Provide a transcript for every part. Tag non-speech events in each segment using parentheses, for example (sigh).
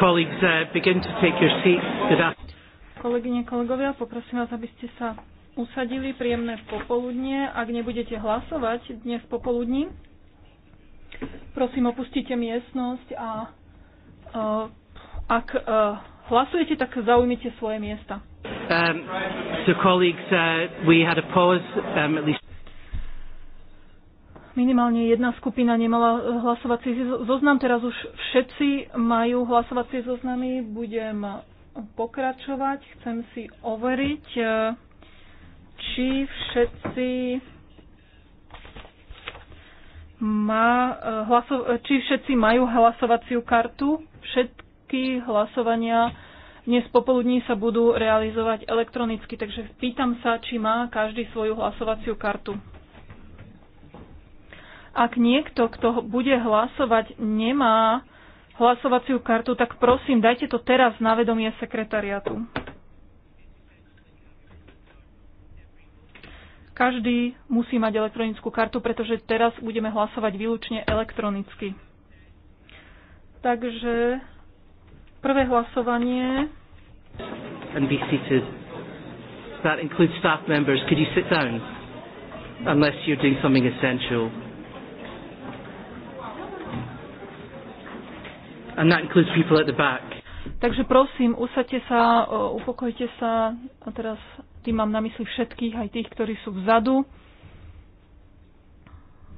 Colleagues, uh, begin to take your seats. Kolegyne, kolegovia, poprosím vás, aby ste sa usadili príjemné popoludnie. Ak nebudete hlasovať dnes popoludní, prosím opustite miestnosť a uh, ak uh, hlasujete, tak zaujmite svoje miesta. Um, so colleagues, uh, we had a pause, um, at least minimálne jedna skupina nemala eh, hlasovací zoznam. Teraz už všetci majú hlasovacie zoznamy. Budem pokračovať. Chcem si overiť, eh, či všetci má eh, hlaso- či všetci majú hlasovaciu kartu. Všetky hlasovania dnes popoludní sa budú realizovať elektronicky, takže pýtam sa, či má každý svoju hlasovaciu kartu. Ak niekto, kto bude hlasovať, nemá hlasovaciu kartu, tak prosím, dajte to teraz na vedomie sekretariatu. Každý musí mať elektronickú kartu, pretože teraz budeme hlasovať výlučne elektronicky. Takže prvé hlasovanie. And be seated. That includes staff members. Could you sit down? Unless you're doing something essential. And that includes people at the back. Takže prosím, usadte sa, upokojte sa. A teraz tým mám na mysli všetkých, aj tých, ktorí sú vzadu.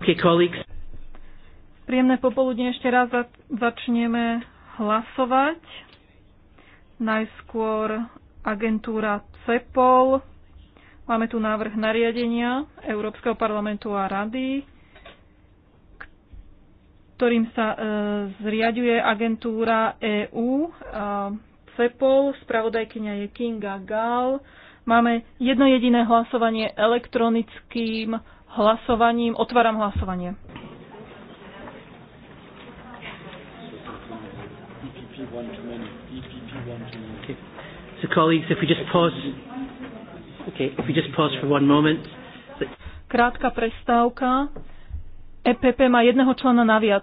Okay, colleagues. Príjemné popoludne ešte raz začneme hlasovať. Najskôr agentúra CEPOL. Máme tu návrh nariadenia Európskeho parlamentu a rady ktorým sa e, zriaďuje agentúra EÚ. E, CEPOL, spravodajkynia je Kinga Gal. Máme jedno jediné hlasovanie elektronickým hlasovaním. Otváram hlasovanie. Krátka prestávka. EPP má jedného člena naviac.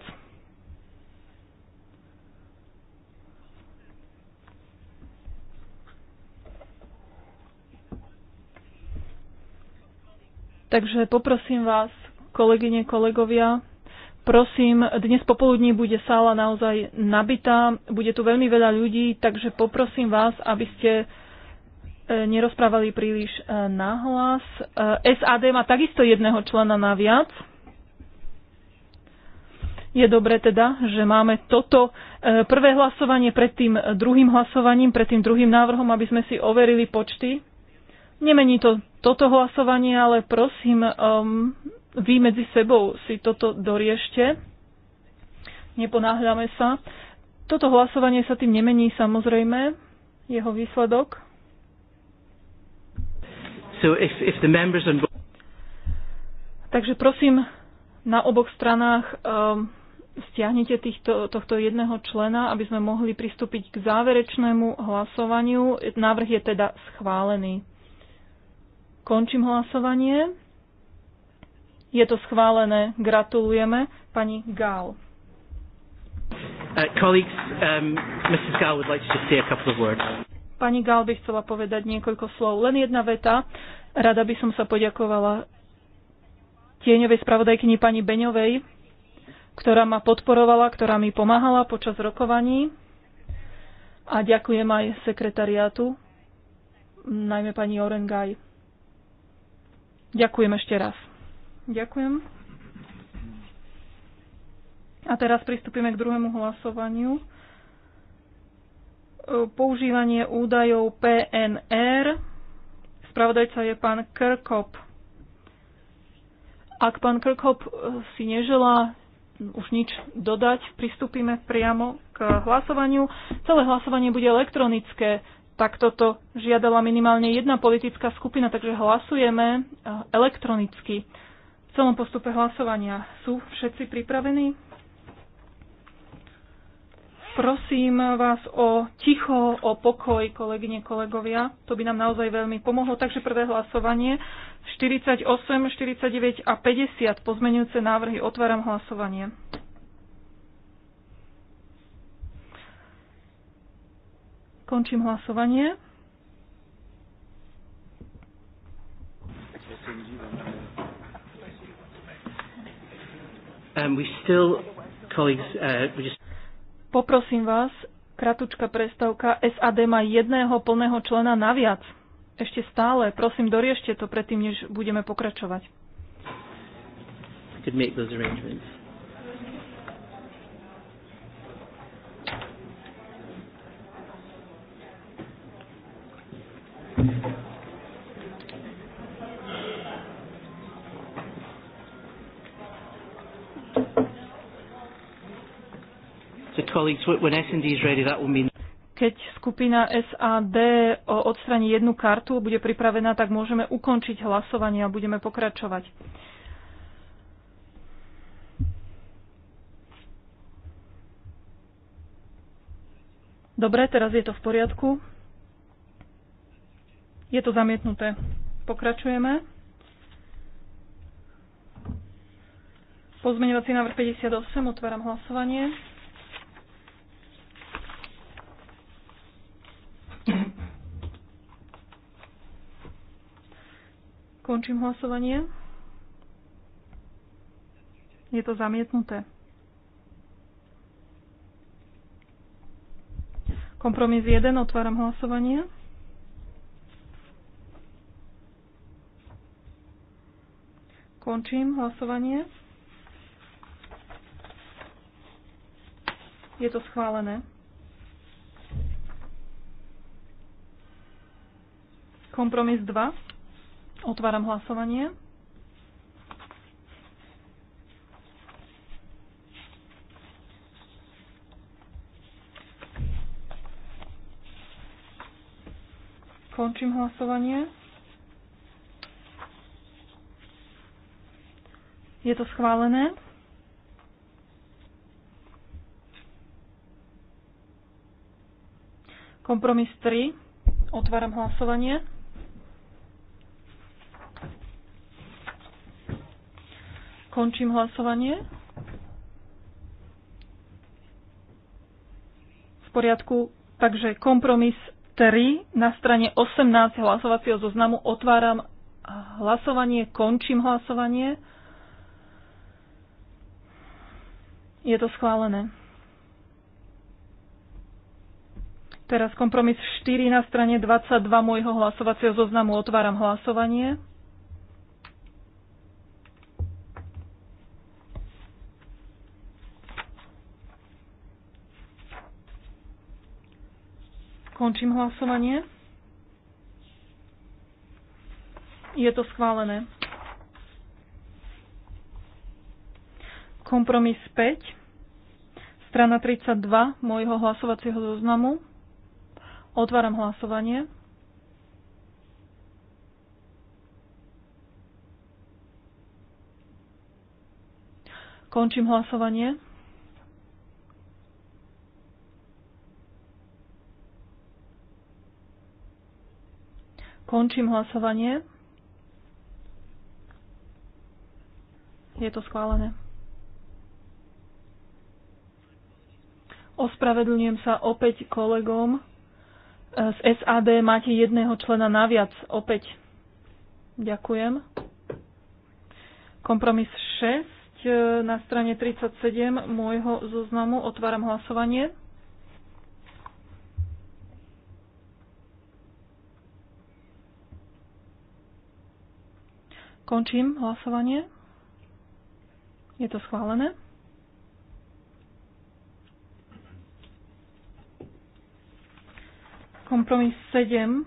Takže poprosím vás, kolegyne, kolegovia, prosím, dnes popoludní bude sála naozaj nabitá, bude tu veľmi veľa ľudí, takže poprosím vás, aby ste e, nerozprávali príliš e, nahlas. E, SAD má takisto jedného člena naviac. Je dobre teda, že máme toto e, prvé hlasovanie pred tým druhým hlasovaním, pred tým druhým návrhom, aby sme si overili počty. Nemení to toto hlasovanie, ale prosím, um, vy medzi sebou si toto doriešte. Neponáhľame sa. Toto hlasovanie sa tým nemení samozrejme, jeho výsledok. So if, if the members on... Takže prosím, na oboch stranách um, stiahnete týchto, tohto jedného člena, aby sme mohli pristúpiť k záverečnému hlasovaniu. Návrh je teda schválený. Končím hlasovanie. Je to schválené. Gratulujeme. Pani Gál. Uh, um, pani Gál by chcela povedať niekoľko slov. Len jedna veta. Rada by som sa poďakovala tieňovej spravodajkyni pani Beňovej ktorá ma podporovala, ktorá mi pomáhala počas rokovaní. A ďakujem aj sekretariátu, najmä pani Orengaj. Ďakujem ešte raz. Ďakujem. A teraz pristúpime k druhému hlasovaniu. Používanie údajov PNR. Spravodajca je pán Krkop. Ak pán Krkop si neželá už nič dodať. Pristúpime priamo k hlasovaniu. Celé hlasovanie bude elektronické. Tak toto žiadala minimálne jedna politická skupina, takže hlasujeme eh, elektronicky. V celom postupe hlasovania sú všetci pripravení? Prosím vás o ticho, o pokoj, kolegyne, kolegovia. To by nám naozaj veľmi pomohlo. Takže prvé hlasovanie 48, 49 a 50 pozmenujúce návrhy. Otváram hlasovanie. Končím hlasovanie. Um, we still, colleagues, uh, we just... Poprosím vás, kratučka Prestavka SAD má jedného plného člena naviac. Ešte stále, prosím, doriešte to predtým, než budeme pokračovať. could make those arrangements. the colleagues when S&D is ready, that will mean keď skupina SAD odstraní jednu kartu, bude pripravená, tak môžeme ukončiť hlasovanie a budeme pokračovať. Dobre, teraz je to v poriadku. Je to zamietnuté. Pokračujeme. Pozmeňovací návrh 58, otváram hlasovanie. Končím hlasovanie. Je to zamietnuté. Kompromis 1, otváram hlasovanie. Končím hlasovanie. Je to schválené. Kompromis 2. Otváram hlasovanie. Končím hlasovanie. Je to schválené. Kompromis 3. Otváram hlasovanie. Končím hlasovanie. V poriadku. Takže kompromis 3 na strane 18 hlasovacieho zoznamu otváram hlasovanie, končím hlasovanie. Je to schválené. Teraz kompromis 4 na strane 22 môjho hlasovacieho zoznamu otváram hlasovanie. Končím hlasovanie. Je to schválené. Kompromis 5, strana 32 môjho hlasovacieho zoznamu. Otváram hlasovanie. Končím hlasovanie. Končím hlasovanie. Je to schválené. Ospravedlňujem sa opäť kolegom. Z SAD máte jedného člena naviac. Opäť. Ďakujem. Kompromis 6 na strane 37 môjho zoznamu. Otváram hlasovanie. Končím hlasovanie. Je to schválené. Kompromis 7.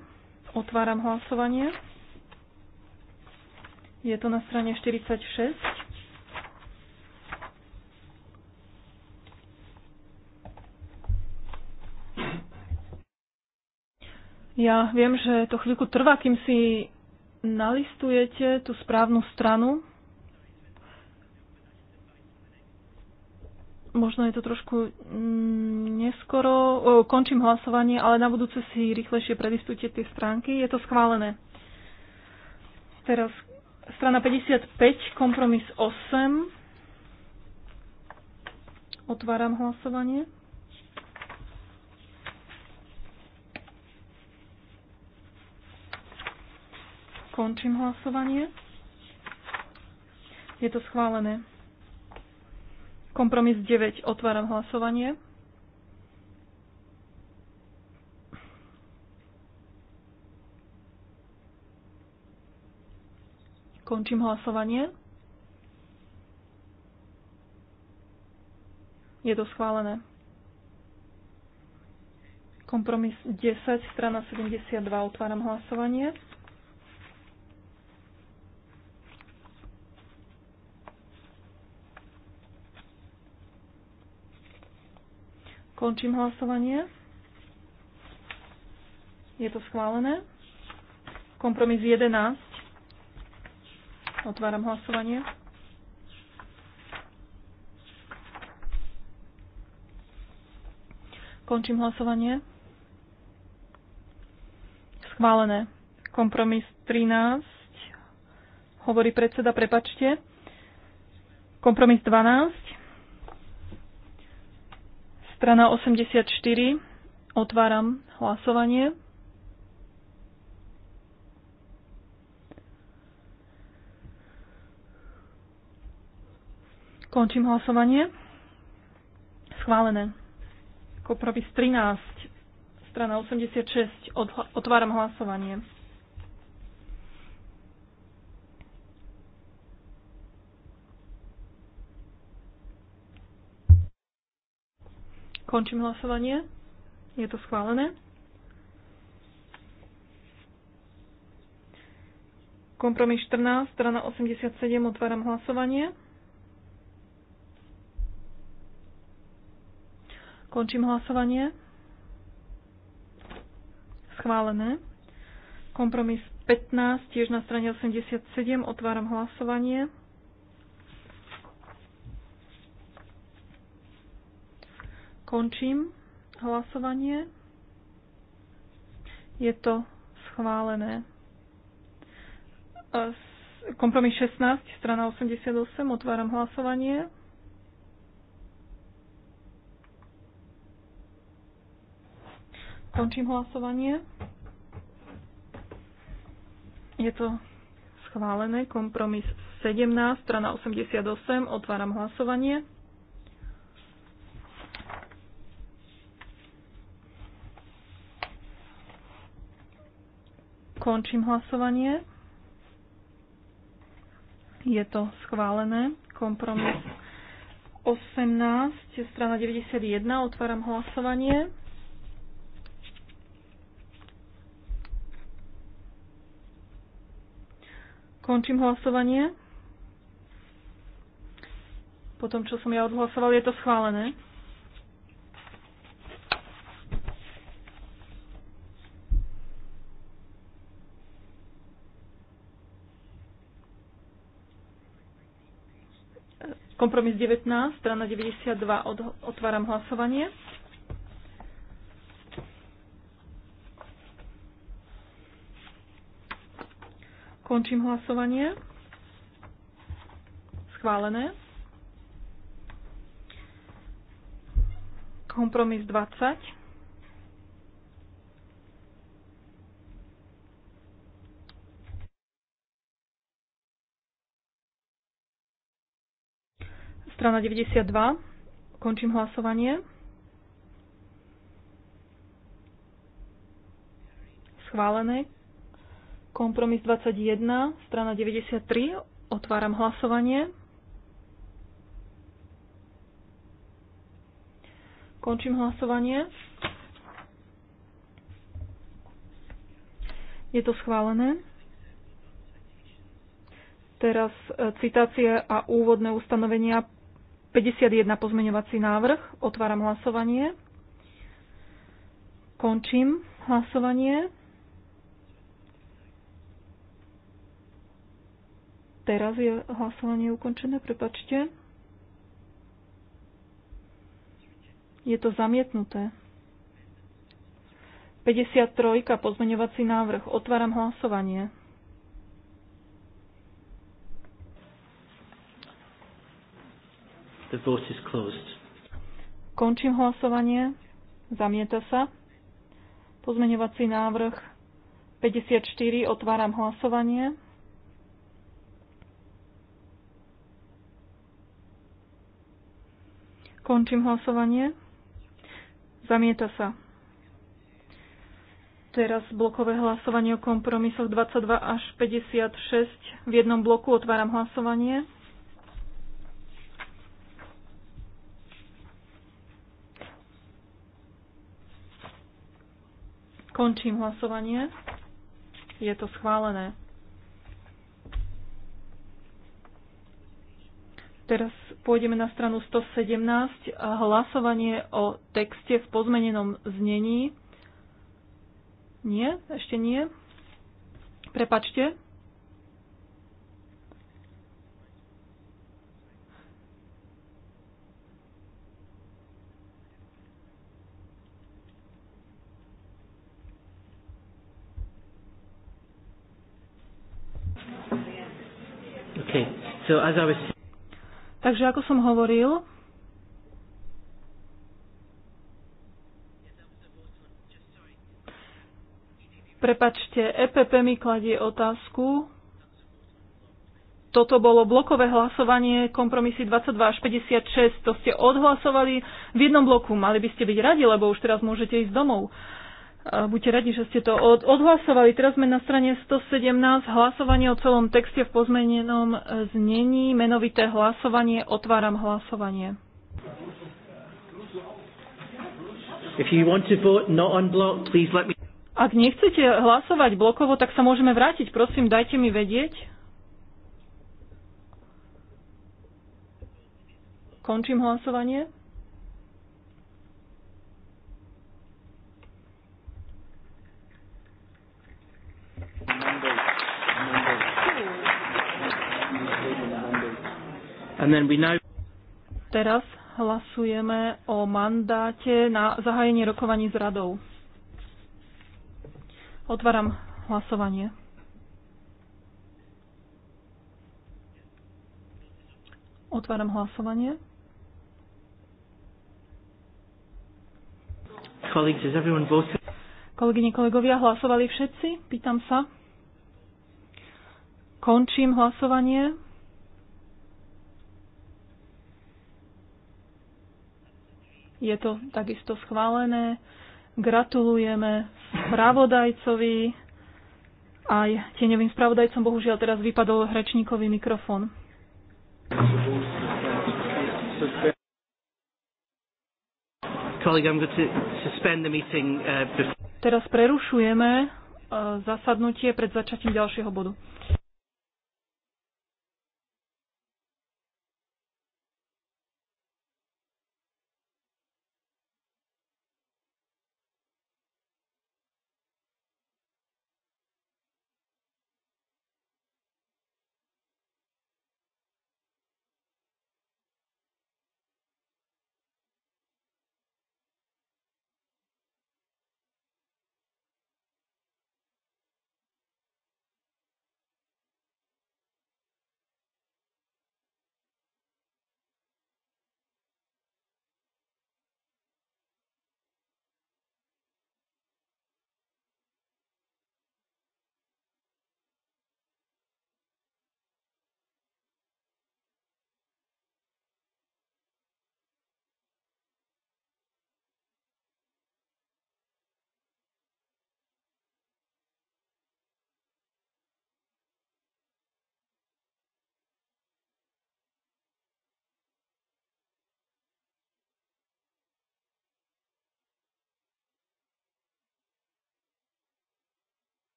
Otváram hlasovanie. Je to na strane 46. Ja viem, že to chvíľku trvá, kým si nalistujete tú správnu stranu. Možno je to trošku mm, neskoro. končím hlasovanie, ale na budúce si rýchlejšie predistujte tie stránky. Je to schválené. Teraz strana 55, kompromis 8. Otváram hlasovanie. Končím hlasovanie. Je to schválené. Kompromis 9. Otváram hlasovanie. Končím hlasovanie. Je to schválené. Kompromis 10, strana 72. Otváram hlasovanie. Končím hlasovanie. Je to schválené. Kompromis 11. Otváram hlasovanie. Končím hlasovanie. Schválené. Kompromis 13. Hovorí predseda, prepačte. Kompromis 12. Strana 84. Otváram hlasovanie. Končím hlasovanie. Schválené. Kompromis 13, strana 86. Otváram hlasovanie. Končím hlasovanie. Je to schválené. Kompromis 14, strana 87, otváram hlasovanie. Končím hlasovanie. Schválené. Kompromis 15, tiež na strane 87, otváram hlasovanie. Končím hlasovanie. Je to schválené. Kompromis 16, strana 88, otváram hlasovanie. Končím hlasovanie. Je to schválené. Kompromis 17, strana 88, otváram hlasovanie. Končím hlasovanie. Je to schválené. Kompromis 18, strana 91. Otváram hlasovanie. Končím hlasovanie. Po tom, čo som ja odhlasoval, je to schválené. Kompromis 19, strana 92, od, otváram hlasovanie. Končím hlasovanie. Schválené. Kompromis 20. Strana 92. Končím hlasovanie. Schválené. Kompromis 21. Strana 93. Otváram hlasovanie. Končím hlasovanie. Je to schválené. Teraz e, citácie a úvodné ustanovenia 51 pozmeňovací návrh. Otváram hlasovanie. Končím hlasovanie. Teraz je hlasovanie ukončené, prepačte. Je to zamietnuté. 53. pozmeňovací návrh. Otváram hlasovanie. The vote is closed. Končím hlasovanie. Zamieta sa. Pozmeňovací návrh 54. Otváram hlasovanie. Končím hlasovanie. Zamieta sa. Teraz blokové hlasovanie o kompromisoch 22 až 56. V jednom bloku otváram hlasovanie. Končím hlasovanie. Je to schválené. Teraz pôjdeme na stranu 117. Hlasovanie o texte v pozmenenom znení. Nie, ešte nie. Prepačte. So as I was... Takže ako som hovoril, Prepačte, EPP mi kladie otázku. Toto bolo blokové hlasovanie kompromisy 22 až 56. To ste odhlasovali v jednom bloku. Mali by ste byť radi, lebo už teraz môžete ísť domov. Uh, Buďte radi, že ste to od, odhlasovali. Teraz sme na strane 117 hlasovanie o celom texte v pozmenenom znení. Menovité hlasovanie. Otváram hlasovanie. If you want to vote not on block, please let me... Ak nechcete hlasovať blokovo, tak sa môžeme vrátiť. Prosím, dajte mi vedieť. Končím hlasovanie. And then we now... Teraz hlasujeme o mandáte na zahájenie rokovaní s radou. Otváram hlasovanie. Otváram hlasovanie. Kolegyne, kolegovia, hlasovali všetci? Pýtam sa. Končím hlasovanie. Je to takisto schválené. Gratulujeme spravodajcovi. Aj tieňovým spravodajcom bohužiaľ teraz vypadol hrečníkový mikrofón. Uh, teraz prerušujeme uh, zasadnutie pred začatím ďalšieho bodu.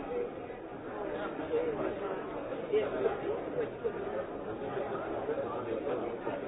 Thank you.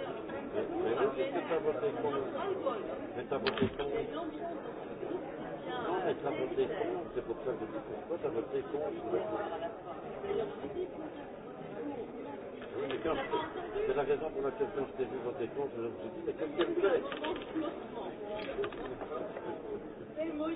t'as voté contre. Non, mais t'as voté contre, c'est pour ça que je dis pourquoi t'as voté contre. Oui, mais quand je... C'est la raison pour laquelle quand je t'ai vu voter contre, je me suis dit, mais qu'est-ce qu'elle fait C'est maudit.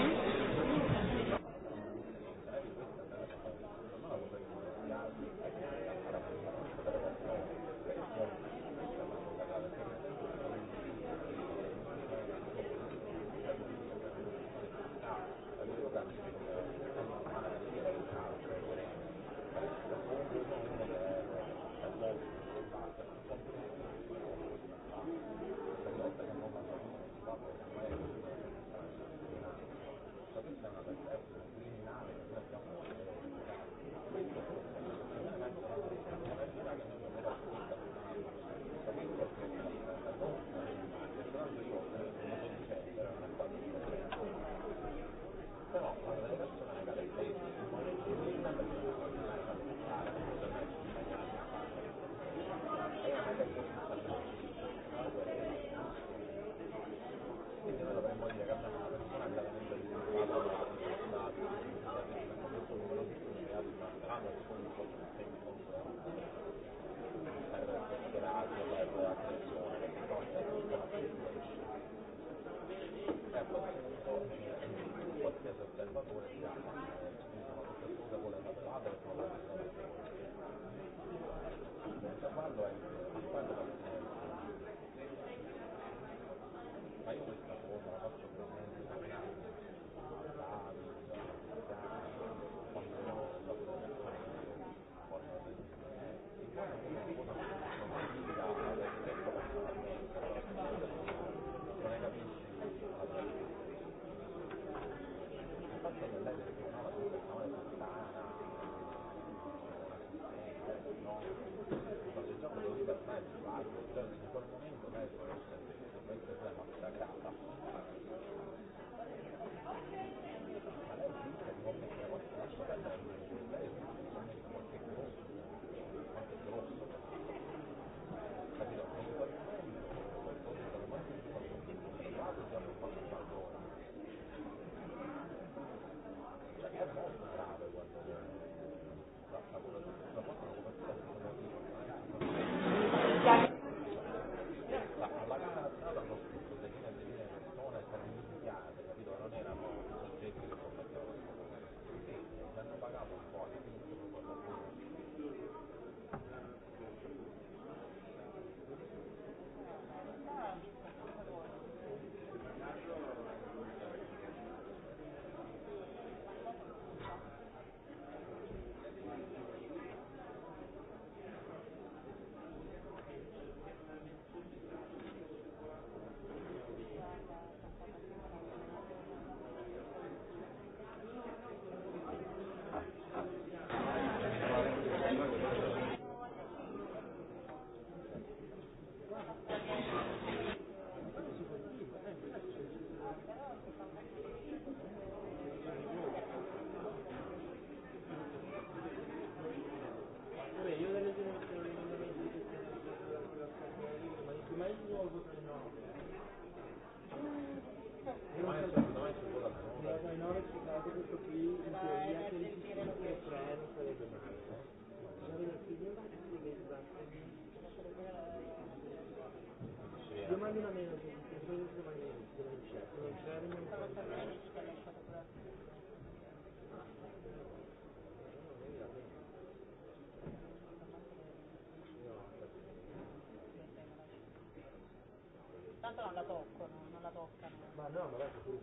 Tanto non la toccano, non la toccano. Ma no, ma la pure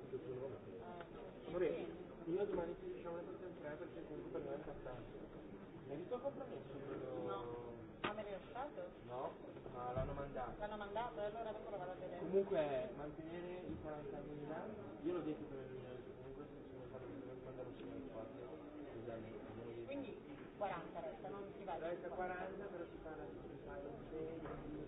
hanno mandato e allora dopo lo vado a vedere. Comunque mantenere i 40.000, io l'ho detto per il comunque se sono stato quando ero solo in quattro, Quindi 40 resta, non si va. Resta 40 però si fa di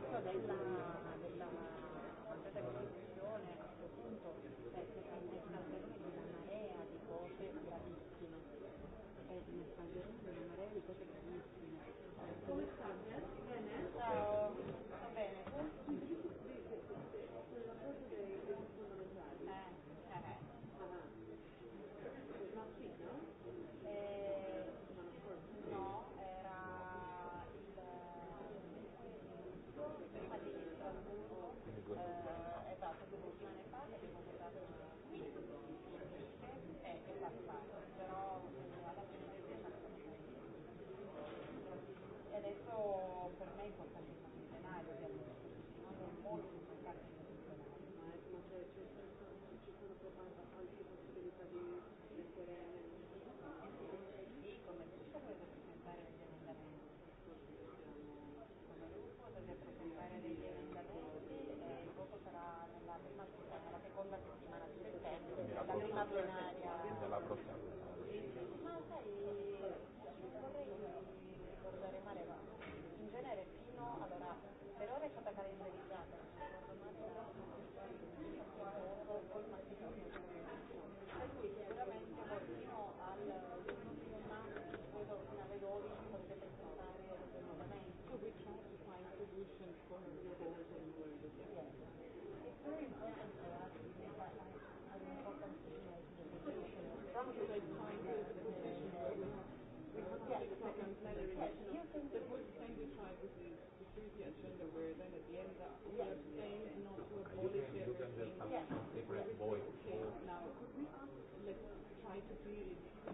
basso della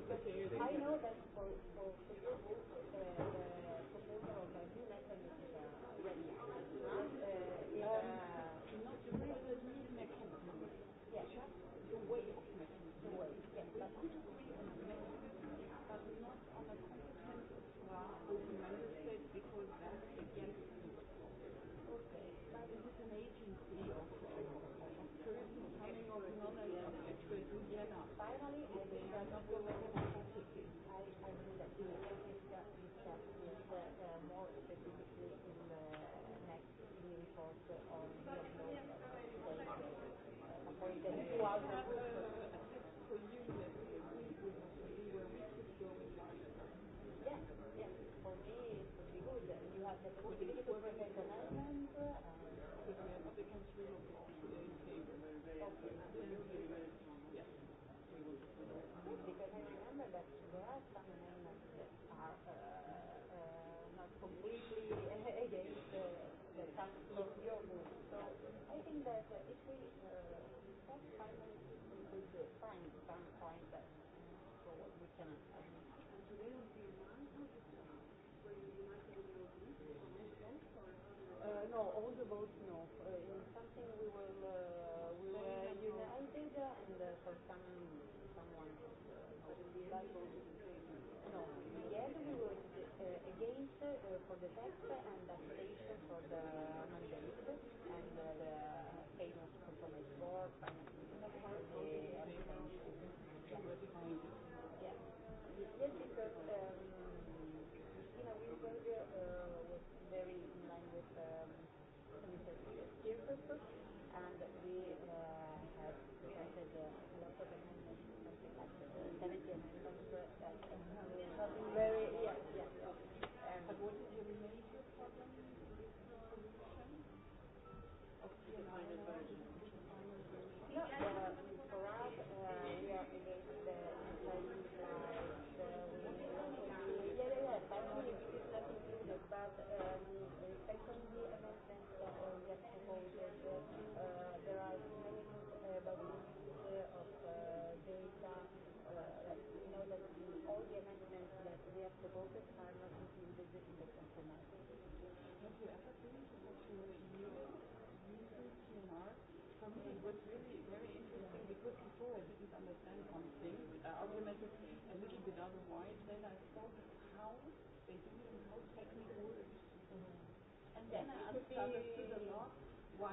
I know that for, for, the, proposal the new is uh, Uh, uh, not the Yes. the The But you finally, I think that I, I think that the, the, the more effective So I think that uh, if we uh, find some point that so we can agree. today would be one uh, no, all the votes no. Uh, in something we will uh, we were uh, uh, and uh, for some someone was, uh, no. for the text and argumented, a then I how they do it in technical Mm-hmm. And then I understood the lot why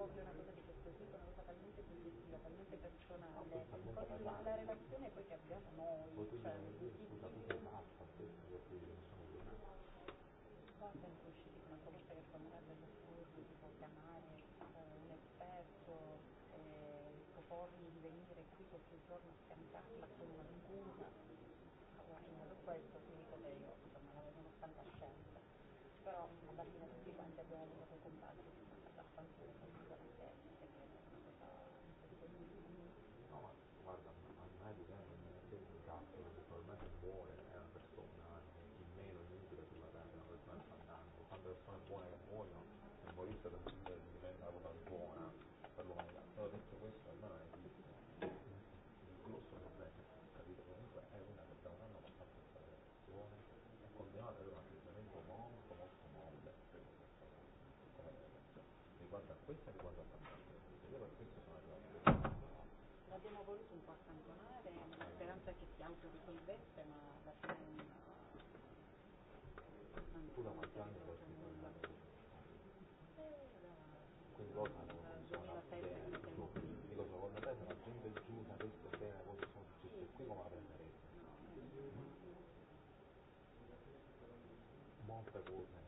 proprio una cosa di questo tipo, una cosa talmente soggettiva, talmente personale, cosa la, la relazione poi che abbiamo noi, cioè qua sempre usciti con una proposta che secondo me per l'assurdo, tipo chiamare eh, un esperto e eh, proporgli di venire qui qualche giorno autodisolversi, ma alla fine non... Tu da quanti anni l'hai Quindi cosa non funziona? Dico, secondo la gente giù sapesse bene cosa sono successe qui come la prendereste? Monte come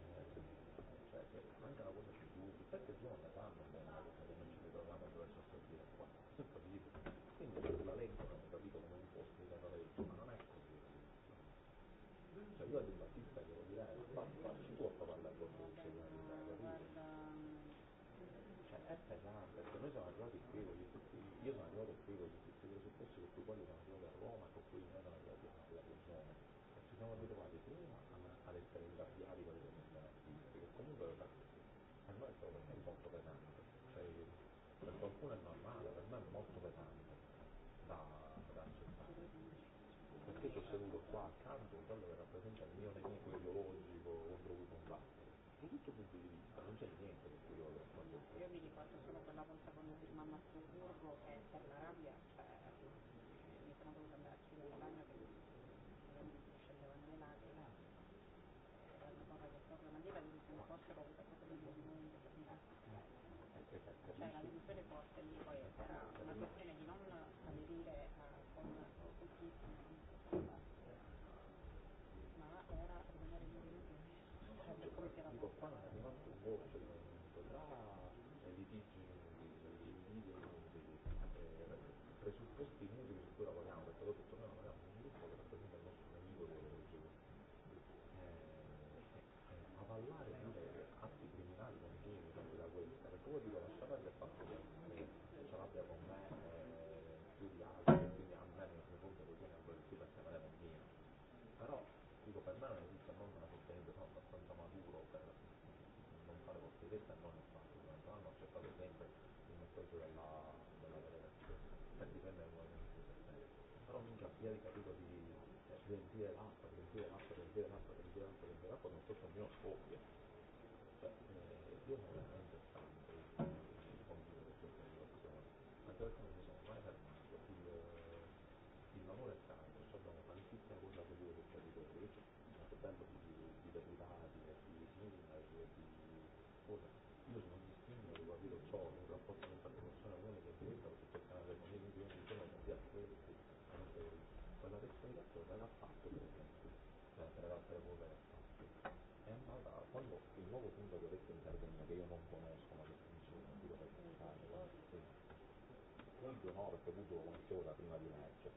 morte, Budo lo metteva prima di me, cioè,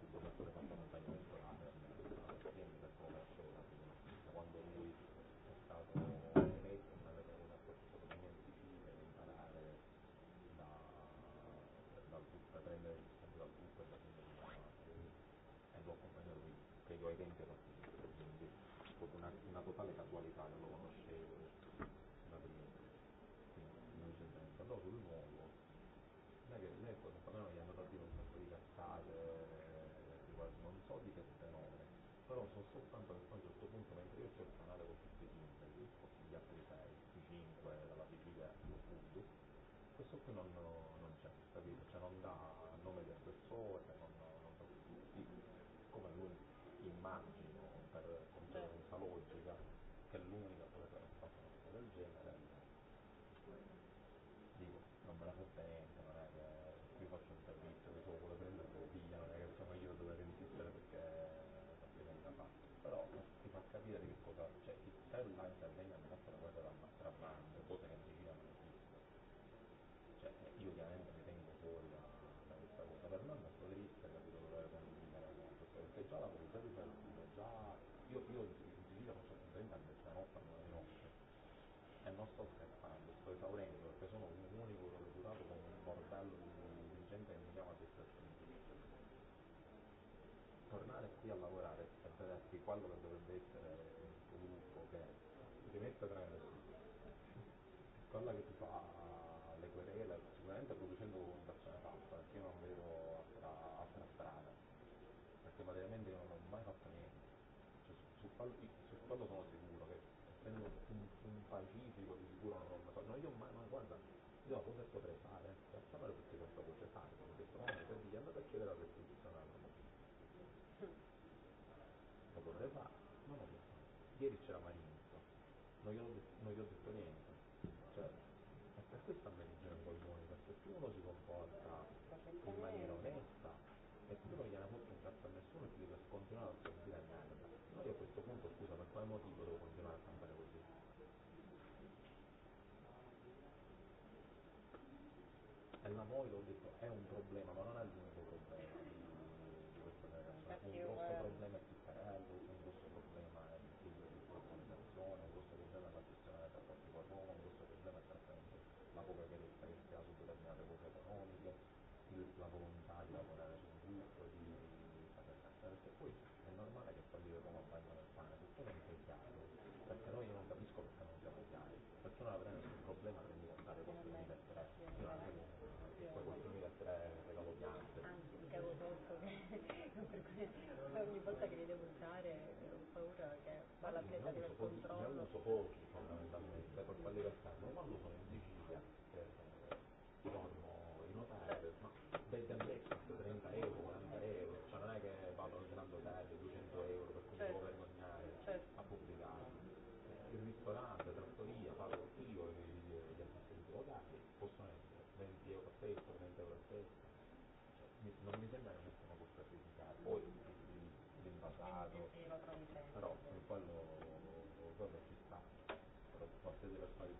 cuándo las noi l'ho detto è un problema, ma non al mio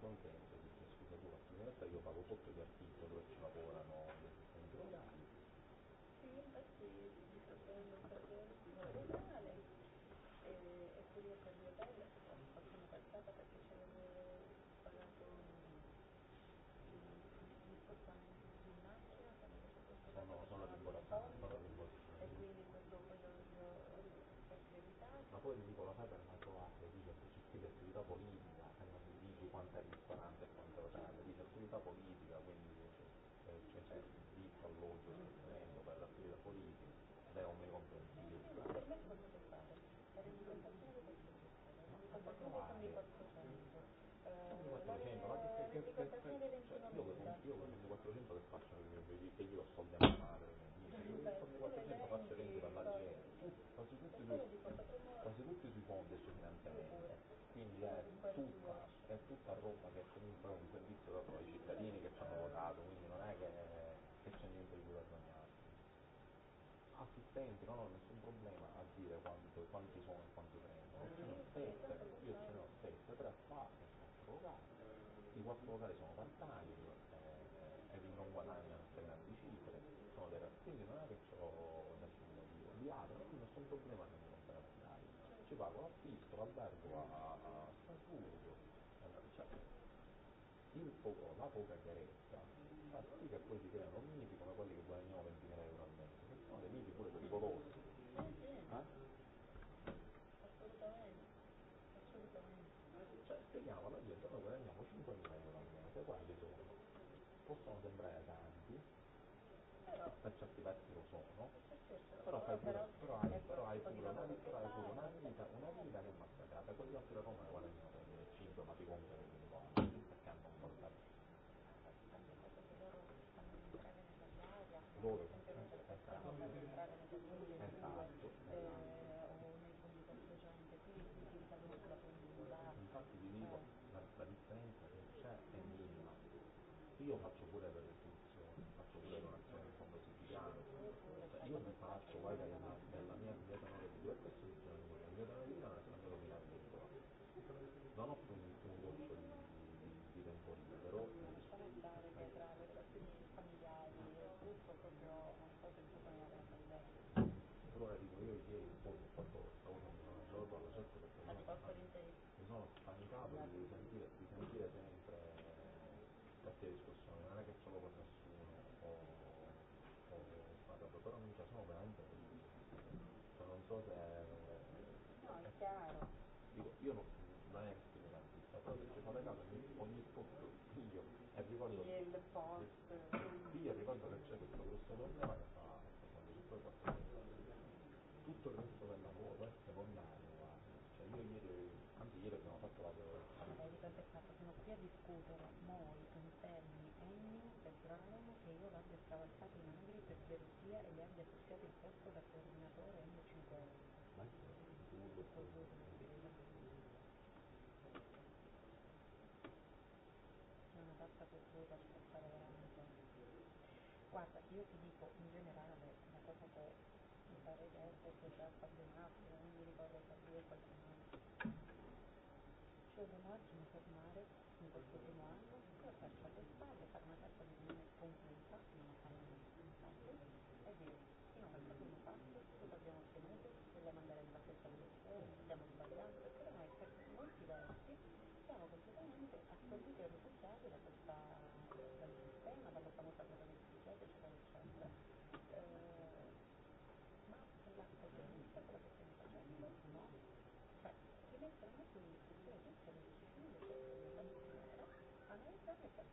conference, cioè di ciascuna due a finestra, io vado tutto gli articoli 400 che facciano che io fare per la gente quasi tutti si quasi tutti sui quindi è tutta, è tutta Roma che è comunque un servizio dato i cittadini che ci hanno votato quindi non è che, che c'è niente di vergognarsi assistenti non ho nessun problema a dire quanto, quanti sono poco, ma poca chiarezza, ma quelli che poi si creano miti come quelli che guadagnano 20.000 euro al mese, che sono dei miti pure pericolosi. Eh sì. Assolutamente, assolutamente. Cioè spieghiamo alla gente, noi guadagniamo 5.000 euro al mese, quali sono? Possono sembrare tanti, però, per certi versi lo sono, però, però, però, però, però hai pure da sta cultura ci può fare veramente guarda io ti dico in generale una cosa che mi pare di essere che già fatto un attimo non mi ricordo per due qualche anno cioè un attimo fermare in questo primo anno per farci alle spalle fare una terza di e con cui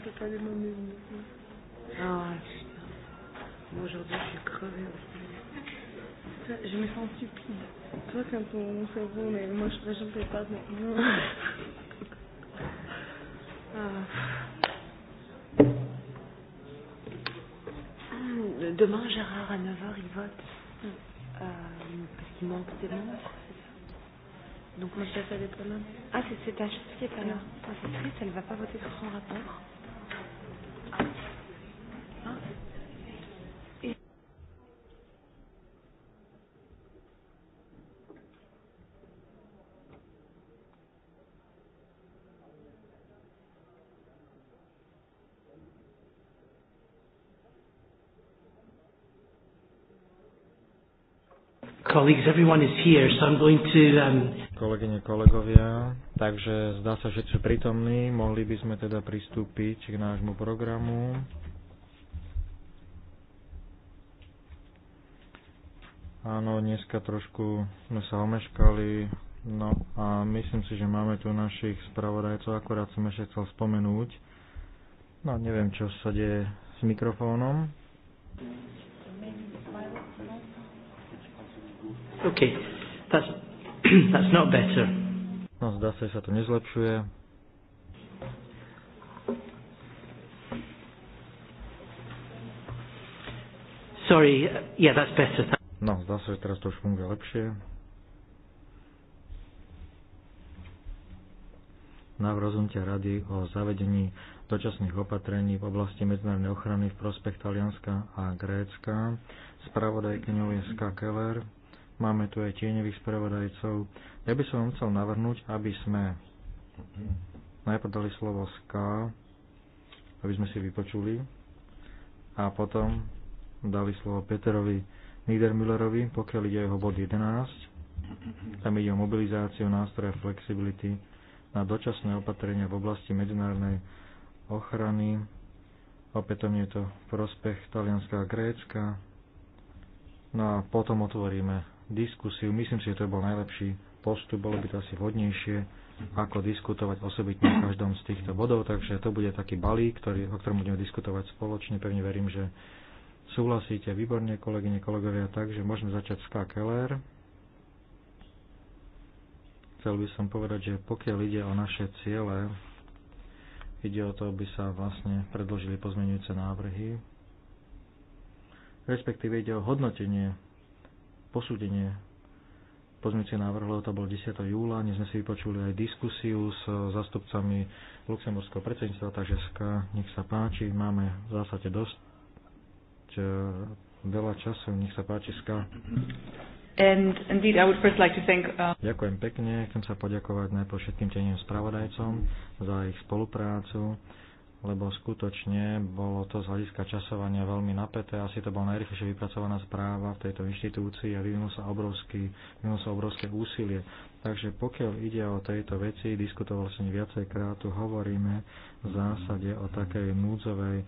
on peut pas demander. Ah, putain. Moi, aujourd'hui, je suis crevée aussi. Je me sens stupide. Toi, quand ton nom c'est bon, mais moi, je ne peux pas de maintenant. ah. Demain, Gérard, à 9h, il vote. Euh, parce qu'il manque des membres. Donc moi je l'appelle pas là. Ah c'est ta chute qui est pas là. Ah, c'est triste, elle ne va pas voter sur son rapport. colleagues, everyone is here, so I'm going to... Um... Kolegyne, kolegovia, takže zdá sa, že sú prítomní, mohli by sme teda pristúpiť k nášmu programu. Áno, dneska trošku sme sa omeškali, no a myslím si, že máme tu našich spravodajcov, akorát som ešte chcel spomenúť. No neviem, čo sa deje s mikrofónom. Okay. That's, (clears throat) that's not better. No, zdá sa, že sa to nezlepšuje. Sorry, uh, yeah, that's better. No, zdá sa, že teraz to už funguje lepšie. Návrh rozhodnutia rady o zavedení dočasných opatrení v oblasti medzinárodnej ochrany v prospech Talianska a Grécka. Spravodajkyňou je Ska Keller. Máme tu aj tieňových spravodajcov. Ja by som vám chcel navrhnúť, aby sme najprv dali slovo SK, aby sme si vypočuli a potom dali slovo Peterovi Niedermüllerovi, pokiaľ ide o jeho bod 11. Tam ide o mobilizáciu nástroja flexibility na dočasné opatrenia v oblasti medzinárodnej ochrany. Opätovne je to prospech Talianska a Grécka. No a potom otvoríme diskusiu. Myslím si, že to bol najlepší postup, bolo by to asi vhodnejšie, ako diskutovať osobitne o každom z týchto bodov, takže to bude taký balík, ktorý, o ktorom budeme diskutovať spoločne. Pevne verím, že súhlasíte výborne, kolegyne, kolegovia, takže môžeme začať s KKLR. Chcel by som povedať, že pokiaľ ide o naše ciele, ide o to, aby sa vlastne predložili pozmenujúce návrhy, respektíve ide o hodnotenie posúdenie pozmeňujúcich lebo to bol 10. júla, dnes sme si vypočuli aj diskusiu s zastupcami luxemburského predsedníctva, takže nech sa páči, máme v zásade dosť e, veľa času, nech sa páči Ska. And indeed, I would first like to thank, uh... Ďakujem pekne, chcem sa poďakovať najprv všetkým teniem spravodajcom za ich spoluprácu lebo skutočne bolo to z hľadiska časovania veľmi napäté. Asi to bola najrychlejšie vypracovaná správa v tejto inštitúcii a vyvinul sa, obrovský, vyvinul sa obrovské úsilie. Takže pokiaľ ide o tejto veci, diskutoval som viacejkrát, tu hovoríme v zásade o takej núdzovej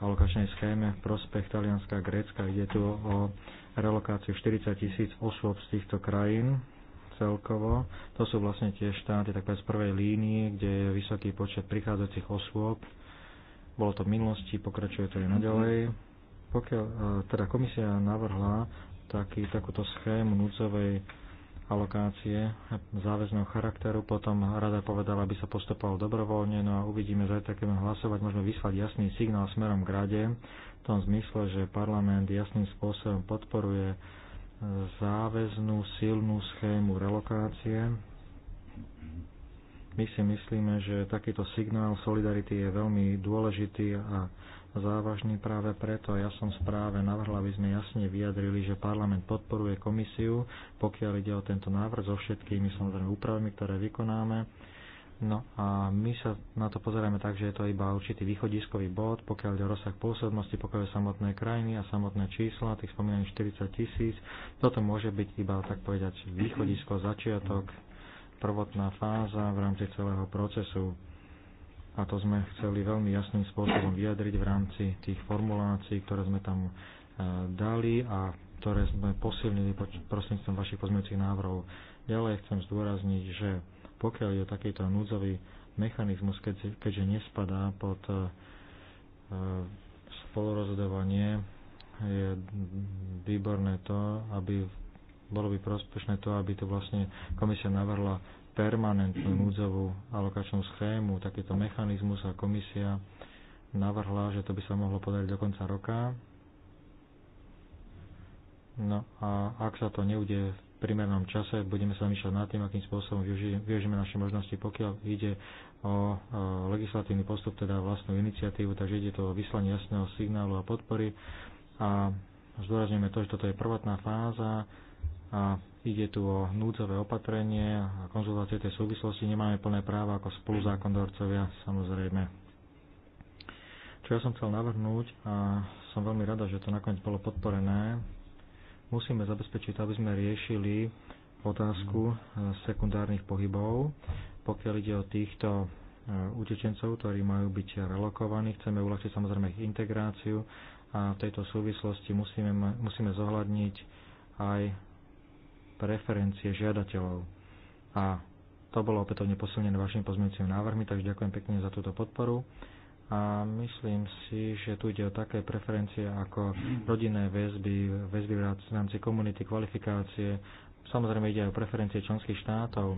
alokačnej schéme v prospech Talianska a Grécka. Ide tu o relokáciu 40 tisíc osôb z týchto krajín, celkovo. To sú vlastne tie štáty tak z prvej línii, kde je vysoký počet prichádzajúcich osôb bolo to v minulosti, pokračuje to aj naďalej. Mhm. Pokiaľ e, teda komisia navrhla taký, takúto schému núdzovej alokácie záväzného charakteru, potom rada povedala, aby sa postupovalo dobrovoľne, no a uvidíme že aj budeme hlasovať, môžeme vyslať jasný signál smerom k rade, v tom zmysle, že parlament jasným spôsobom podporuje záväznú silnú schému relokácie, my si myslíme, že takýto signál solidarity je veľmi dôležitý a závažný práve preto. Ja som správe navrhla, aby sme jasne vyjadrili, že parlament podporuje komisiu, pokiaľ ide o tento návrh so všetkými samozrejme úpravami, ktoré vykonáme. No a my sa na to pozeráme tak, že je to iba určitý východiskový bod, pokiaľ ide o rozsah pôsobnosti, pokiaľ je samotné krajiny a samotné čísla, tých spomínaných 40 tisíc. Toto môže byť iba, tak povedať, východisko, začiatok prvotná fáza v rámci celého procesu. A to sme chceli veľmi jasným spôsobom vyjadriť v rámci tých formulácií, ktoré sme tam e, dali a ktoré sme posilnili prostredníctvom vašich pozmeňujúcich návrhov. Ďalej chcem zdôrazniť, že pokiaľ je takýto núdzový mechanizmus, keďže nespadá pod e, spolurozhodovanie, je výborné to, aby bolo by prospešné to, aby to vlastne komisia navrhla permanentnú núdzovú alokačnú schému, takýto mechanizmus a komisia navrhla, že to by sa mohlo podariť do konca roka. No a ak sa to neude v primernom čase, budeme sa myšľať nad tým, akým spôsobom využijeme naše možnosti, pokiaľ ide o e, legislatívny postup, teda vlastnú iniciatívu, takže ide to o vyslanie jasného signálu a podpory. A zdôrazňujeme to, že toto je prvotná fáza, a ide tu o núdzové opatrenie a konzultácie tej súvislosti. Nemáme plné práva ako spoluzákondorcovia, samozrejme. Čo ja som chcel navrhnúť a som veľmi rada, že to nakoniec bolo podporené, musíme zabezpečiť, aby sme riešili otázku e, sekundárnych pohybov. Pokiaľ ide o týchto e, utečencov, ktorí majú byť relokovaní. Chceme uľahčiť samozrejme ich integráciu a v tejto súvislosti musíme, musíme zohľadniť aj preferencie žiadateľov. A to bolo opätovne posilnené vašimi pozmeňujúcimi návrhmi, takže ďakujem pekne za túto podporu. A myslím si, že tu ide o také preferencie ako rodinné väzby, väzby v rámci komunity, kvalifikácie. Samozrejme ide aj o preferencie členských štátov,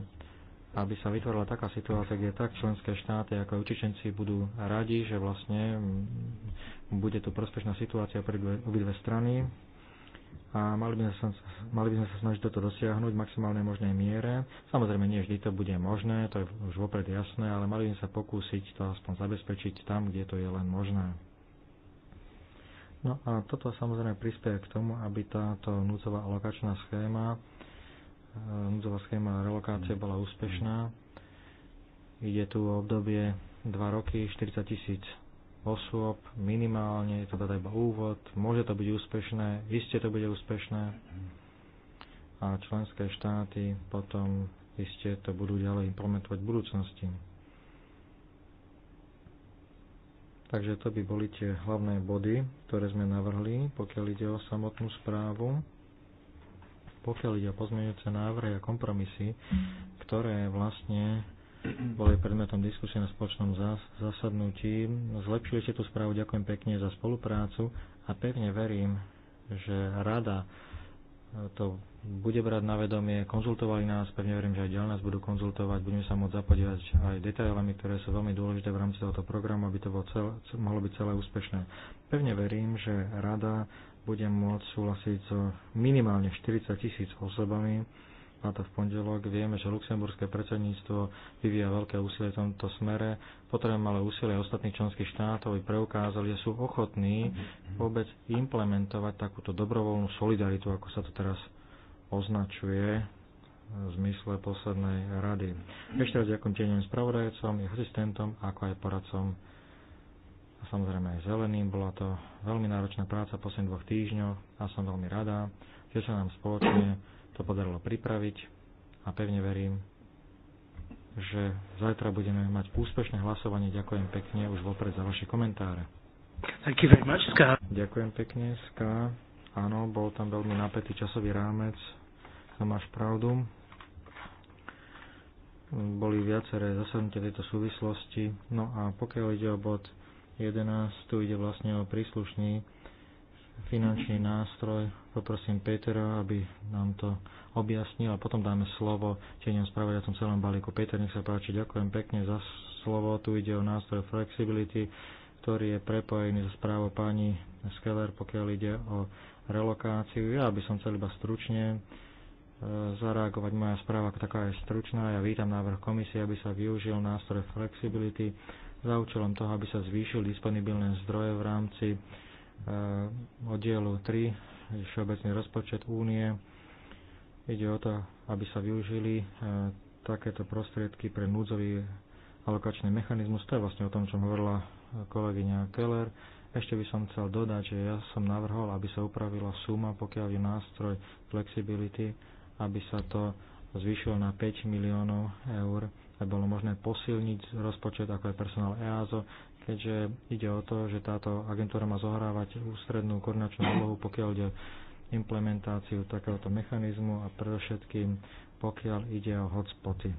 aby sa vytvorila taká situácia, kde tak členské štáty ako aj učičenci budú radi, že vlastne mm, bude tu prospešná situácia pre obidve strany, a mali by, sa, mali by sme sa snažiť toto dosiahnuť v maximálnej možnej miere. Samozrejme, nie vždy to bude možné, to je už vopred jasné, ale mali by sme sa pokúsiť to aspoň zabezpečiť tam, kde to je len možné. No a toto samozrejme prispieje k tomu, aby táto núdzová alokačná schéma, e, núdzová schéma relokácie bola úspešná. Ide tu o obdobie 2 roky, 40 tisíc osôb, minimálne, je to teda iba úvod, môže to byť úspešné, iste to bude úspešné a členské štáty potom iste to budú ďalej implementovať v budúcnosti. Takže to by boli tie hlavné body, ktoré sme navrhli, pokiaľ ide o samotnú správu. Pokiaľ ide o pozmeňujúce návrhy a kompromisy, ktoré vlastne (clears throat) boli predmetom diskusie na spoločnom zasadnutí. Zlepšili ste tú správu, ďakujem pekne za spoluprácu a pevne verím, že rada to bude brať na vedomie, konzultovali nás, pevne verím, že aj ďalej nás budú konzultovať, budeme sa môcť zapodievať aj detailami, ktoré sú veľmi dôležité v rámci tohoto programu, aby to bolo cel, mohlo byť celé úspešné. Pevne verím, že rada bude môcť súhlasiť so minimálne 40 tisíc osobami, na to v pondelok. Vieme, že luxemburské predsedníctvo vyvíja veľké úsilie v tomto smere. Potrebujeme ale úsilie ostatných členských štátov, aby preukázali, že sú ochotní mhm. vôbec implementovať takúto dobrovoľnú solidaritu, ako sa to teraz označuje v zmysle poslednej rady. Ešte raz ďakujem tieňovým spravodajcom, ich asistentom, ako aj poradcom a samozrejme aj zeleným. Bola to veľmi náročná práca v posledných dvoch týždňoch a som veľmi rada, že sa nám spoločne to podarilo pripraviť a pevne verím, že zajtra budeme mať úspešné hlasovanie. Ďakujem pekne už vopred za vaše komentáre. Thank you very much, Ska. Ďakujem pekne, Ska. Áno, bol tam veľmi napätý časový rámec, to máš pravdu. Boli viaceré zasadnutia tejto súvislosti. No a pokiaľ ide o bod 11, tu ide vlastne o príslušný finančný nástroj. Poprosím Petra, aby nám to objasnil a potom dáme slovo tieňom spravodajcom celom balíku. Peter, nech sa páči, ďakujem pekne za slovo. Tu ide o nástroj flexibility, ktorý je prepojený so správou pani Skeller, pokiaľ ide o relokáciu. Ja by som chcel iba stručne e, zareagovať. Moja správa taká je stručná. Ja vítam návrh komisie, aby sa využil nástroj flexibility za účelom toho, aby sa zvýšil disponibilné zdroje v rámci Eh, oddielu 3, všeobecný rozpočet únie. Ide o to, aby sa využili eh, takéto prostriedky pre núdzový alokačný mechanizmus. To je vlastne o tom, čo hovorila eh, kolegyňa Keller. Ešte by som chcel dodať, že ja som navrhol, aby sa upravila suma, pokiaľ je nástroj flexibility, aby sa to zvýšilo na 5 miliónov eur, aby bolo možné posilniť rozpočet, ako je personál EASO, keďže ide o to, že táto agentúra má zohrávať ústrednú koordinačnú úlohu, pokiaľ ide implementáciu takéhoto mechanizmu a predovšetkým pokiaľ ide o hotspoty.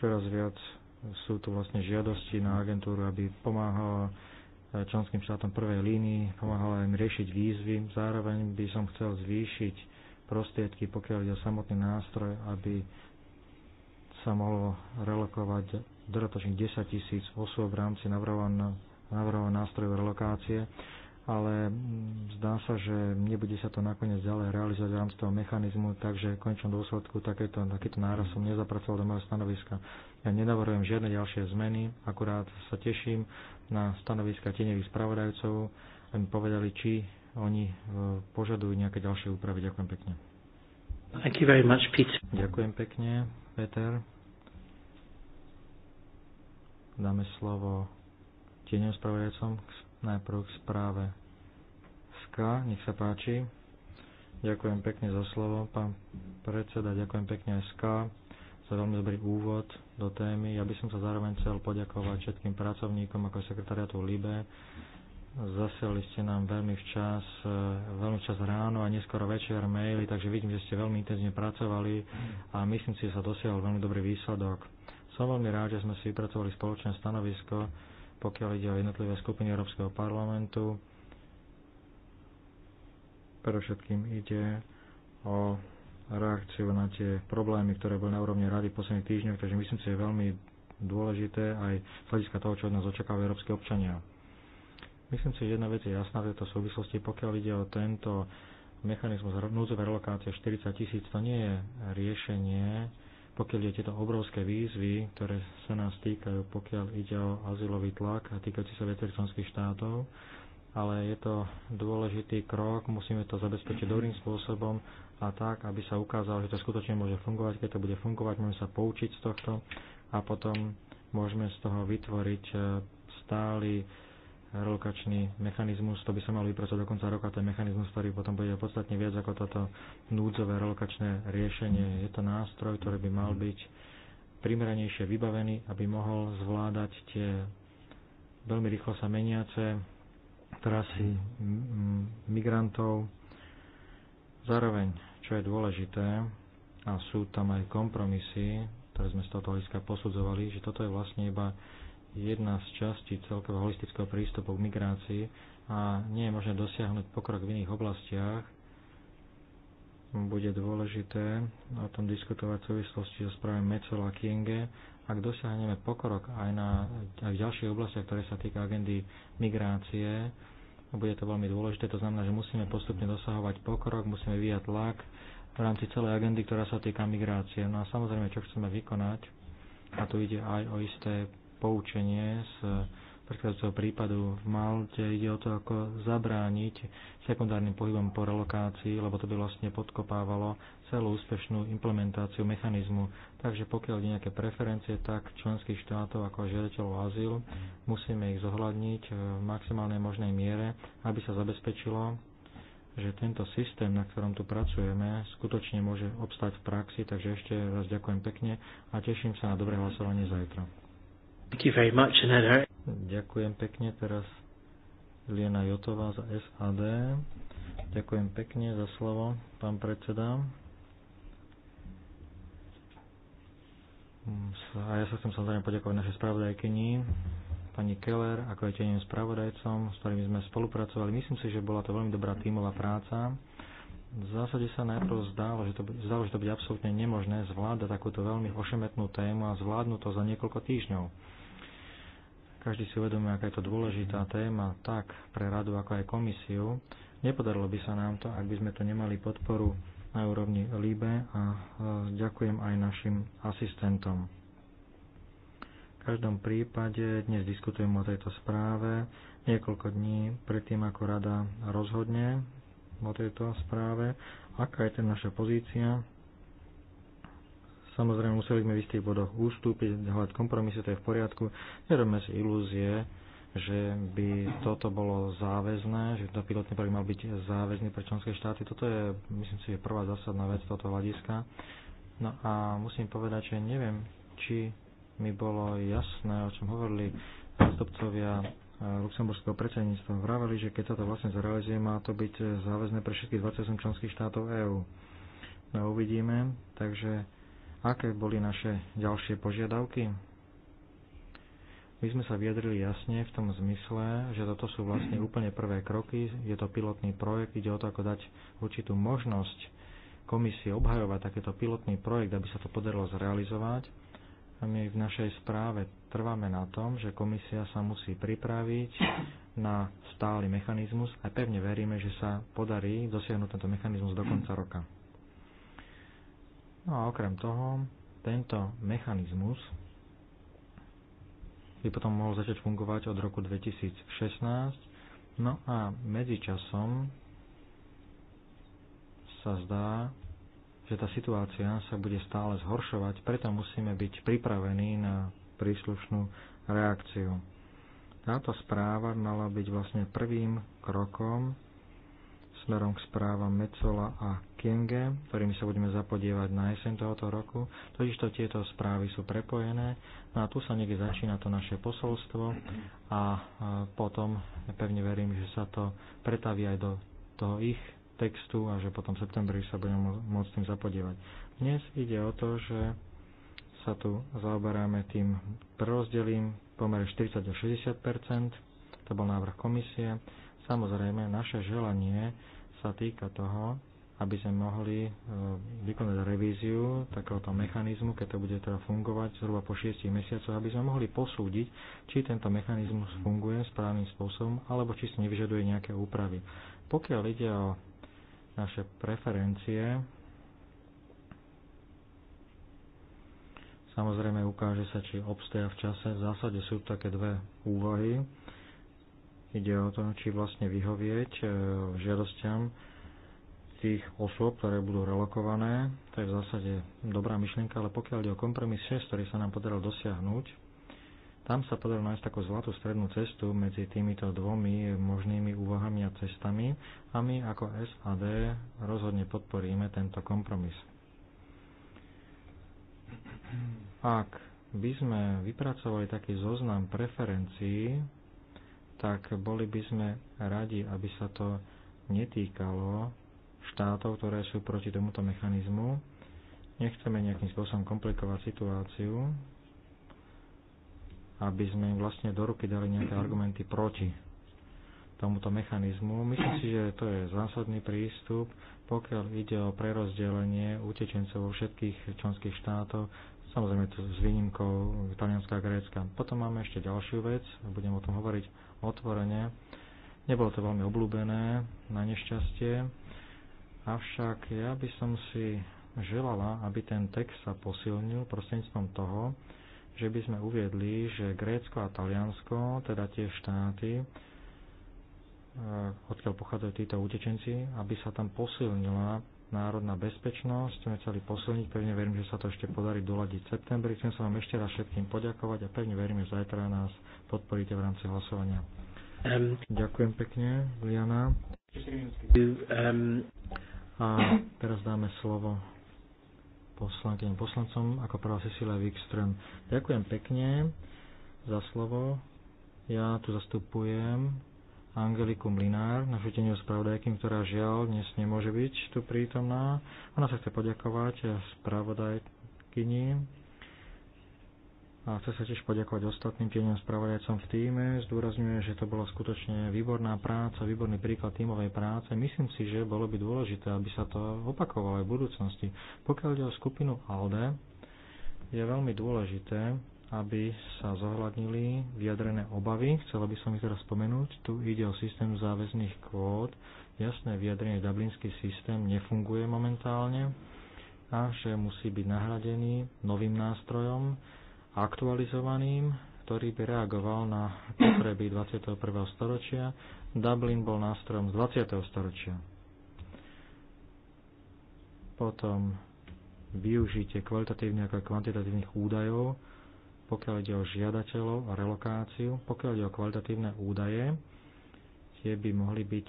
Čoraz viac sú tu vlastne žiadosti na agentúru, aby pomáhala členským štátom prvej línii, pomáhala im riešiť výzvy. Zároveň by som chcel zvýšiť prostriedky, pokiaľ ide o samotný nástroj, aby sa mohlo relokovať dodatočných 10 tisíc osôb v rámci navrhovaného nástrojov relokácie, ale zdá sa, že nebude sa to nakoniec ďalej realizovať v rámci toho mechanizmu, takže v končnom dôsledku takéto, takýto náraz som nezapracoval do mojho stanoviska. Ja nenavrhujem žiadne ďalšie zmeny, akurát sa teším na stanoviska tieňových spravodajcov, aby povedali, či oni e, požadujú nejaké ďalšie úpravy. Ďakujem pekne. Thank you very much, Peter. Ďakujem pekne, Peter dáme slovo tieňom spravodajcom najprv k správe SK. Nech sa páči. Ďakujem pekne za slovo, pán predseda, ďakujem pekne SK za veľmi dobrý úvod do témy. Ja by som sa zároveň chcel poďakovať všetkým pracovníkom ako sekretariatu LIBE. Zasiali ste nám veľmi včas, e, veľmi včas ráno a neskoro večer maily, takže vidím, že ste veľmi intenzívne pracovali a myslím si, že sa dosiahol veľmi dobrý výsledok som veľmi rád, že sme si vypracovali spoločné stanovisko, pokiaľ ide o jednotlivé skupiny Európskeho parlamentu. Predovšetkým ide o reakciu na tie problémy, ktoré boli na úrovni rady v posledných týždňoch, takže myslím si, že je veľmi dôležité aj z hľadiska toho, čo od nás očakávajú európske občania. Myslím si, že jedna vec je jasná v tejto súvislosti, pokiaľ ide o tento mechanizmus núdzovej relokácie 40 tisíc, to nie je riešenie, pokiaľ je tieto obrovské výzvy, ktoré sa nás týkajú, pokiaľ ide o azylový tlak a týkajúci sa viacerých štátov, ale je to dôležitý krok, musíme to zabezpečiť dobrým spôsobom a tak, aby sa ukázalo, že to skutočne môže fungovať. Keď to bude fungovať, môžeme sa poučiť z tohto a potom môžeme z toho vytvoriť eh, stály relokačný mechanizmus, to by sa mal vypracovať do konca roka, ten mechanizmus, ktorý potom bude podstatne viac ako toto núdzové relokačné riešenie. Je to nástroj, ktorý by mal byť primeranejšie vybavený, aby mohol zvládať tie veľmi rýchlo sa meniace trasy migrantov. Zároveň, čo je dôležité, a sú tam aj kompromisy, ktoré sme z toho hľadiska posudzovali, že toto je vlastne iba jedna z častí celkového holistického prístupu k migrácii a nie je možné dosiahnuť pokrok v iných oblastiach, bude dôležité o tom diskutovať v súvislosti so správami Mecola a Kienge. Ak dosiahneme pokrok aj, na, aj v ďalších oblastiach, ktoré sa týka agendy migrácie, bude to veľmi dôležité. To znamená, že musíme postupne dosahovať pokrok, musíme vyjať tlak v rámci celej agendy, ktorá sa týka migrácie. No a samozrejme, čo chceme vykonať, a tu ide aj o isté poučenie z predchádzajúceho prípadu v Malte. Ide o to, ako zabrániť sekundárnym pohybom po relokácii, lebo to by vlastne podkopávalo celú úspešnú implementáciu mechanizmu. Takže pokiaľ je nejaké preferencie, tak členských štátov ako žiadateľov azyl musíme ich zohľadniť v maximálnej možnej miere, aby sa zabezpečilo, že tento systém, na ktorom tu pracujeme, skutočne môže obstať v praxi, takže ešte raz ďakujem pekne a teším sa na dobré hlasovanie zajtra. Thank you very much, Anna. Ďakujem pekne teraz Liena Jotová za SAD. Ďakujem pekne za slovo, pán predseda. Mm, a ja sa chcem samozrejme poďakovať našej spravodajkyni, pani Keller, ako je teným spravodajcom, s ktorými sme spolupracovali. Myslím si, že bola to veľmi dobrá tímová práca. V zásade sa najprv zdalo, že to, zdalo, že to bude absolútne nemožné zvládať takúto veľmi ošemetnú tému a zvládnu to za niekoľko týždňov. Každý si uvedomuje, aká je to dôležitá téma, tak pre radu, ako aj komisiu. Nepodarilo by sa nám to, ak by sme tu nemali podporu na úrovni LIBE a e, ďakujem aj našim asistentom. V každom prípade dnes diskutujem o tejto správe niekoľko dní predtým, ako rada rozhodne o tejto správe, aká je ten naša pozícia. Samozrejme, museli sme v istých bodoch ustúpiť, hľadať kompromisy, to je v poriadku. Nerobme si ilúzie, že by toto bolo záväzné, že to pilotný projekt mal byť záväzný pre členské štáty. Toto je, myslím si, prvá zásadná vec tohto hľadiska. No a musím povedať, že neviem, či mi bolo jasné, o čom hovorili zástupcovia eh, luxemburského predsedníctva. Vraveli, že keď sa to vlastne zrealizuje, má to byť záväzné pre všetkých 28 členských štátov EÚ. No uvidíme, takže Aké boli naše ďalšie požiadavky? My sme sa vyjadrili jasne v tom zmysle, že toto sú vlastne (clears throat) úplne prvé kroky, je to pilotný projekt, ide o to, ako dať určitú možnosť komisie obhajovať takýto pilotný projekt, aby sa to podarilo zrealizovať. A my v našej správe trváme na tom, že komisia sa musí pripraviť na stály mechanizmus a pevne veríme, že sa podarí dosiahnuť tento mechanizmus do konca roka. No a okrem toho, tento mechanizmus by potom mohol začať fungovať od roku 2016. No a medzičasom sa zdá, že tá situácia sa bude stále zhoršovať, preto musíme byť pripravení na príslušnú reakciu. Táto správa mala byť vlastne prvým krokom smerom k správam Mecola a Kienge, ktorými sa budeme zapodievať na jeseň tohoto roku. Totižto tieto správy sú prepojené. No a tu sa niekde začína to naše posolstvo a potom pevne verím, že sa to pretaví aj do toho ich textu a že potom v septembri sa budeme môcť tým zapodievať. Dnes ide o to, že sa tu zaoberáme tým prerozdelím pomere 40 až 60 to bol návrh komisie. Samozrejme, naše želanie sa týka toho, aby sme mohli e, vykonať revíziu takéhoto mechanizmu, keď to bude teda fungovať zhruba po 6 mesiacoch, aby sme mohli posúdiť, či tento mechanizmus funguje správnym spôsobom, alebo či si nevyžaduje nejaké úpravy. Pokiaľ ide o naše preferencie, samozrejme ukáže sa, či obstoja v čase. V zásade sú také dve úvahy Ide o to, či vlastne vyhovieť e, žiadostiam tých osôb, ktoré budú relokované. To je v zásade dobrá myšlienka, ale pokiaľ ide o kompromis 6, ktorý sa nám podaril dosiahnuť, tam sa podarilo nájsť takú zlatú strednú cestu medzi týmito dvomi možnými úvahami a cestami a my ako SAD rozhodne podporíme tento kompromis. Ak by sme vypracovali taký zoznam preferencií tak boli by sme radi, aby sa to netýkalo štátov, ktoré sú proti tomuto mechanizmu. Nechceme nejakým spôsobom komplikovať situáciu, aby sme im vlastne do ruky dali nejaké argumenty proti tomuto mechanizmu. Myslím si, že to je zásadný prístup, pokiaľ ide o prerozdelenie utečencov vo všetkých členských štátov, samozrejme to s výnimkou Talianska a Grécka. Potom máme ešte ďalšiu vec, budem o tom hovoriť otvorene. Nebolo to veľmi obľúbené, na nešťastie. Avšak ja by som si želala, aby ten text sa posilnil prostredníctvom toho, že by sme uviedli, že Grécko a Taliansko, teda tie štáty, e, odkiaľ pochádzajú títo utečenci, aby sa tam posilnila národná bezpečnosť sme chceli posilniť. Pevne verím, že sa to ešte podarí doladiť v septembri. Chcem sa vám ešte raz všetkým poďakovať a pevne verím, že zajtra nás podporíte v rámci hlasovania. Um, Ďakujem pekne, Liana. Um, a teraz dáme slovo poslankyňom poslancom, ako prvá Cecilia Wikström. Ďakujem pekne za slovo. Ja tu zastupujem Angeliku Mlinár, našu teniu spravodajkým, ktorá žiaľ dnes nemôže byť tu prítomná. Ona sa chce poďakovať spravodajkyni a chce sa tiež poďakovať ostatným tieňom spravodajcom v týme. Zdôrazňuje, že to bola skutočne výborná práca, výborný príklad tímovej práce. Myslím si, že bolo by dôležité, aby sa to opakovalo aj v budúcnosti. Pokiaľ ide o skupinu ALDE, je veľmi dôležité, aby sa zohľadnili vyjadrené obavy. Chcela by som ich teraz spomenúť. Tu ide o systém záväzných kvót. Jasné vyjadrenie, dublinský systém nefunguje momentálne a že musí byť nahradený novým nástrojom, aktualizovaným, ktorý by reagoval na potreby 21. storočia. Dublin bol nástrojom z 20. storočia. Potom využite kvalitatívnych ako kvantitatívnych údajov pokiaľ ide o žiadateľov a relokáciu, pokiaľ ide o kvalitatívne údaje, tie by mohli byť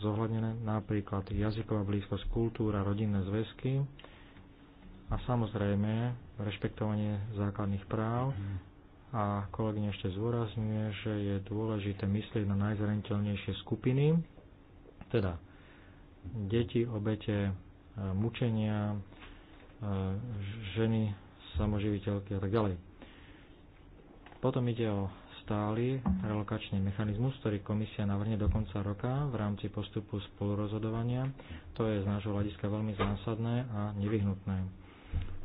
zohľadnené napríklad jazyková blízkosť, kultúra, rodinné zväzky a samozrejme rešpektovanie základných práv. A kolegyne ešte zúrazňuje, že je dôležité myslieť na najzraniteľnejšie skupiny, teda deti, obete, e, mučenia, e, ženy, samoživiteľky a tak ďalej. Potom ide o stály relokačný mechanizmus, ktorý komisia navrhne do konca roka v rámci postupu spolurozhodovania. To je z nášho hľadiska veľmi zásadné a nevyhnutné.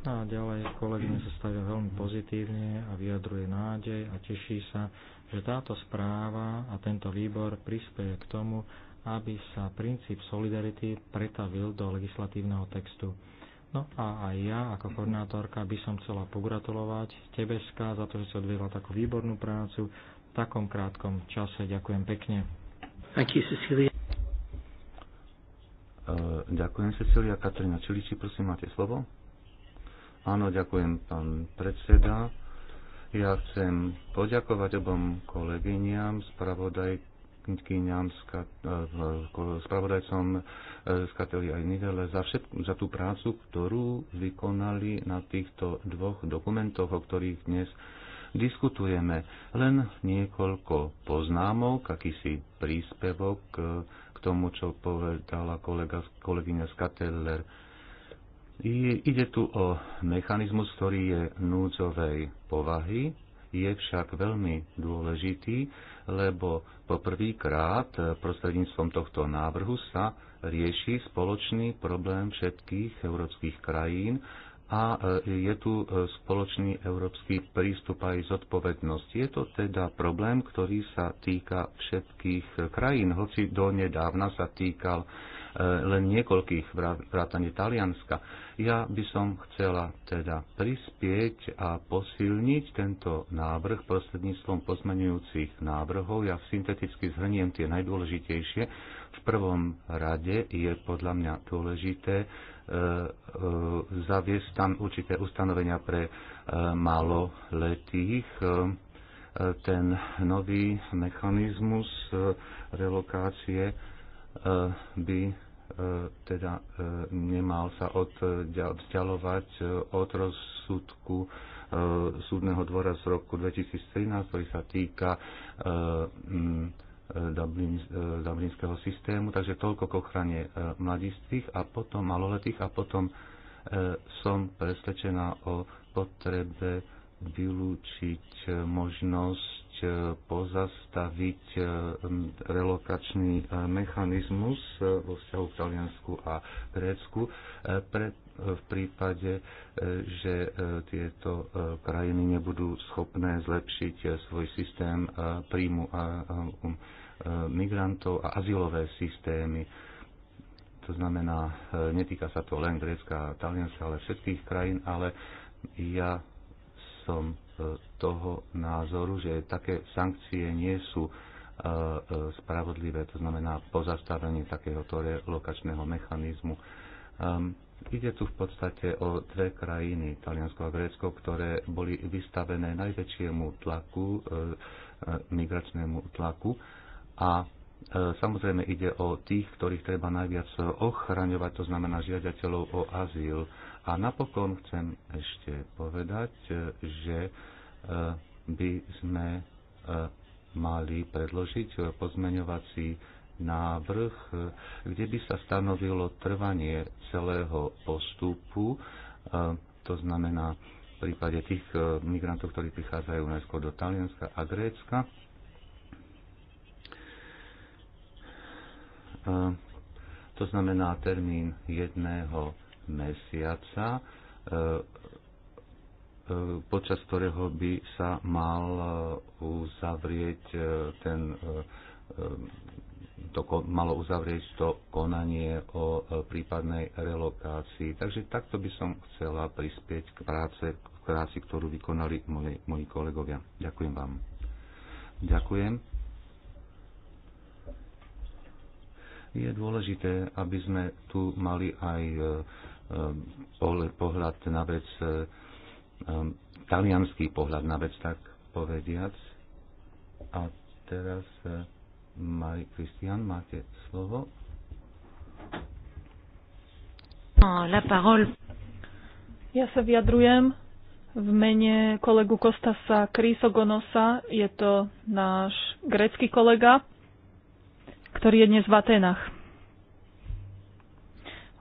A ďalej kolegyne sa stavia veľmi pozitívne a vyjadruje nádej a teší sa, že táto správa a tento výbor prispieje k tomu, aby sa princíp solidarity pretavil do legislatívneho textu. No a aj ja ako koordinátorka by som chcela pogratulovať Tebeska za to, že si odviedla takú výbornú prácu v takom krátkom čase. Ďakujem pekne. Aký Cecília? E, ďakujem Cecília. Katrina Čiliči, prosím, máte slovo. Áno, ďakujem pán predseda. Ja chcem poďakovať obom kolegyniam, spravodajkám spravodajkyňam, e, spravodajcom z e, Kateli aj Nidele za, všetku, za tú prácu, ktorú vykonali na týchto dvoch dokumentoch, o ktorých dnes diskutujeme. Len niekoľko poznámok, akýsi príspevok e, k tomu, čo povedala kolega, kolegyňa Skateller. Ide tu o mechanizmus, ktorý je núdzovej povahy, je však veľmi dôležitý, lebo poprvýkrát prostredníctvom tohto návrhu sa rieši spoločný problém všetkých európskych krajín a e, je tu e, spoločný európsky prístup aj zodpovednosť. Je to teda problém, ktorý sa týka všetkých krajín, hoci do nedávna sa týkal len niekoľkých vrátane Talianska. Ja by som chcela teda prispieť a posilniť tento návrh prostredníctvom pozmenujúcich návrhov. Ja synteticky zhrniem tie najdôležitejšie. V prvom rade je podľa mňa dôležité e, e, zaviesť tam určité ustanovenia pre e, maloletých. Ten nový mechanizmus relokácie by E, teda e, nemal sa od, e, vzdialovať od rozsudku súdneho dvora z roku 2013, ktorý sa týka Dublin, dublinského systému, takže toľko k ochrane mladistvých a potom maloletých a potom som presvedčená o potrebe vylúčiť možnosť E, pozastaviť e, relokačný e, mechanizmus vo vzťahu k Taliansku a Grécku pre, v prípade, že tieto krajiny nebudú schopné zlepšiť svoj systém príjmu a um, migrantov a azylové systémy. To znamená, netýka sa to len Grécka a Talianska, ale všetkých krajín, ale ja som toho názoru, že také sankcie nie sú e, e, spravodlivé, to znamená pozastavenie takéhoto relokačného mechanizmu. Ehm, ide tu v podstate o dve krajiny, Taliansko a Grécko, ktoré boli vystavené najväčšiemu tlaku, e, migračnému tlaku a Samozrejme ide o tých, ktorých treba najviac ochraňovať, to znamená žiadateľov o azyl. A napokon chcem ešte povedať, e, že e, by sme e, mali predložiť pozmeňovací návrh, kde by sa stanovilo trvanie celého postupu, to znamená v prípade tých migrantov, ktorí prichádzajú najskôr do Talianska a Grécka. To znamená termín jedného mesiaca, e, e, počas ktorého by sa mal e, uzavrieť ten to, malo uzavrieť to konanie o prípadnej relokácii. Takže takto by som chcela prispieť k práce, k práci, ktorú vykonali moji, moji kolegovia. Ďakujem vám. Ďakujem. Je dôležité, aby sme tu mali aj Eh, pohľad pohľad na vec, eh, eh, talianský pohľad na vec, tak povediac. A teraz Mari Kristian, máte slovo. No, la parole. Ja sa vyjadrujem v mene kolegu Kostasa Krysogonosa. Je to náš grécky kolega, ktorý je dnes v Atenách.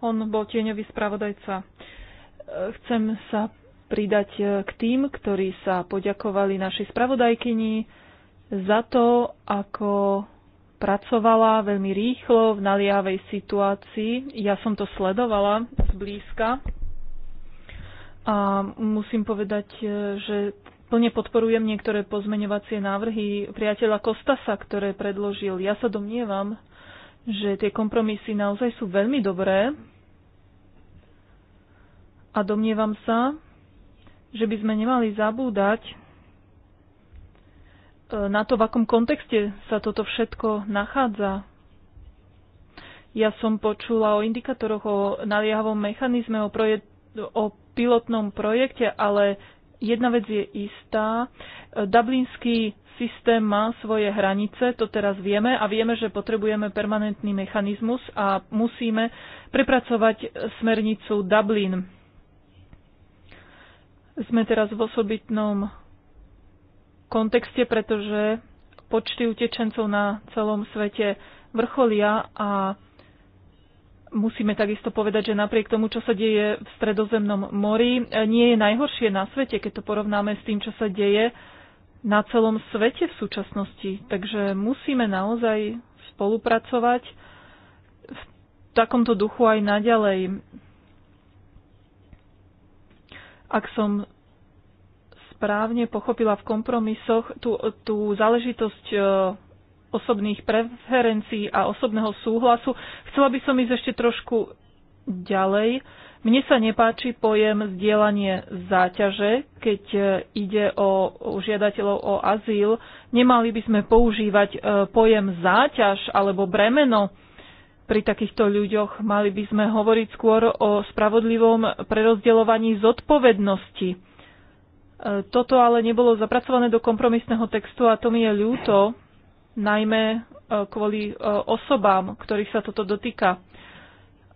On bol tieňový spravodajca. E, chcem sa pridať e, k tým, ktorí sa poďakovali našej spravodajkyni za to, ako pracovala veľmi rýchlo v naliavej situácii. Ja som to sledovala zblízka a musím povedať, e, že plne podporujem niektoré pozmeňovacie návrhy priateľa Kostasa, ktoré predložil. Ja sa domnievam, že tie kompromisy naozaj sú veľmi dobré a domnievam sa, že by sme nemali zabúdať e, na to, v akom kontexte sa toto všetko nachádza. Ja som počula o indikátoroch, o naliehavom mechanizme, o, proje- o pilotnom projekte, ale jedna vec je istá. Dublinský systém má svoje hranice, to teraz vieme a vieme, že potrebujeme permanentný mechanizmus a musíme prepracovať smernicu Dublin sme teraz v osobitnom kontexte, pretože počty utečencov na celom svete vrcholia a musíme takisto povedať, že napriek tomu, čo sa deje v Stredozemnom mori, nie je najhoršie na svete, keď to porovnáme s tým, čo sa deje na celom svete v súčasnosti. Takže musíme naozaj spolupracovať v takomto duchu aj naďalej. Ak som správne pochopila v kompromisoch tú, tú záležitosť e, osobných preferencií a osobného súhlasu. Chcela by som ísť ešte trošku ďalej. Mne sa nepáči pojem zdieľanie záťaže, keď e, ide o žiadateľov o azyl. Nemali by sme používať e, pojem záťaž alebo bremeno pri takýchto ľuďoch. Mali by sme hovoriť skôr o spravodlivom prerozdeľovaní zodpovednosti. E, toto ale nebolo zapracované do kompromisného textu a to mi je ľúto, najmä e, kvôli e, osobám, ktorých sa toto dotýka.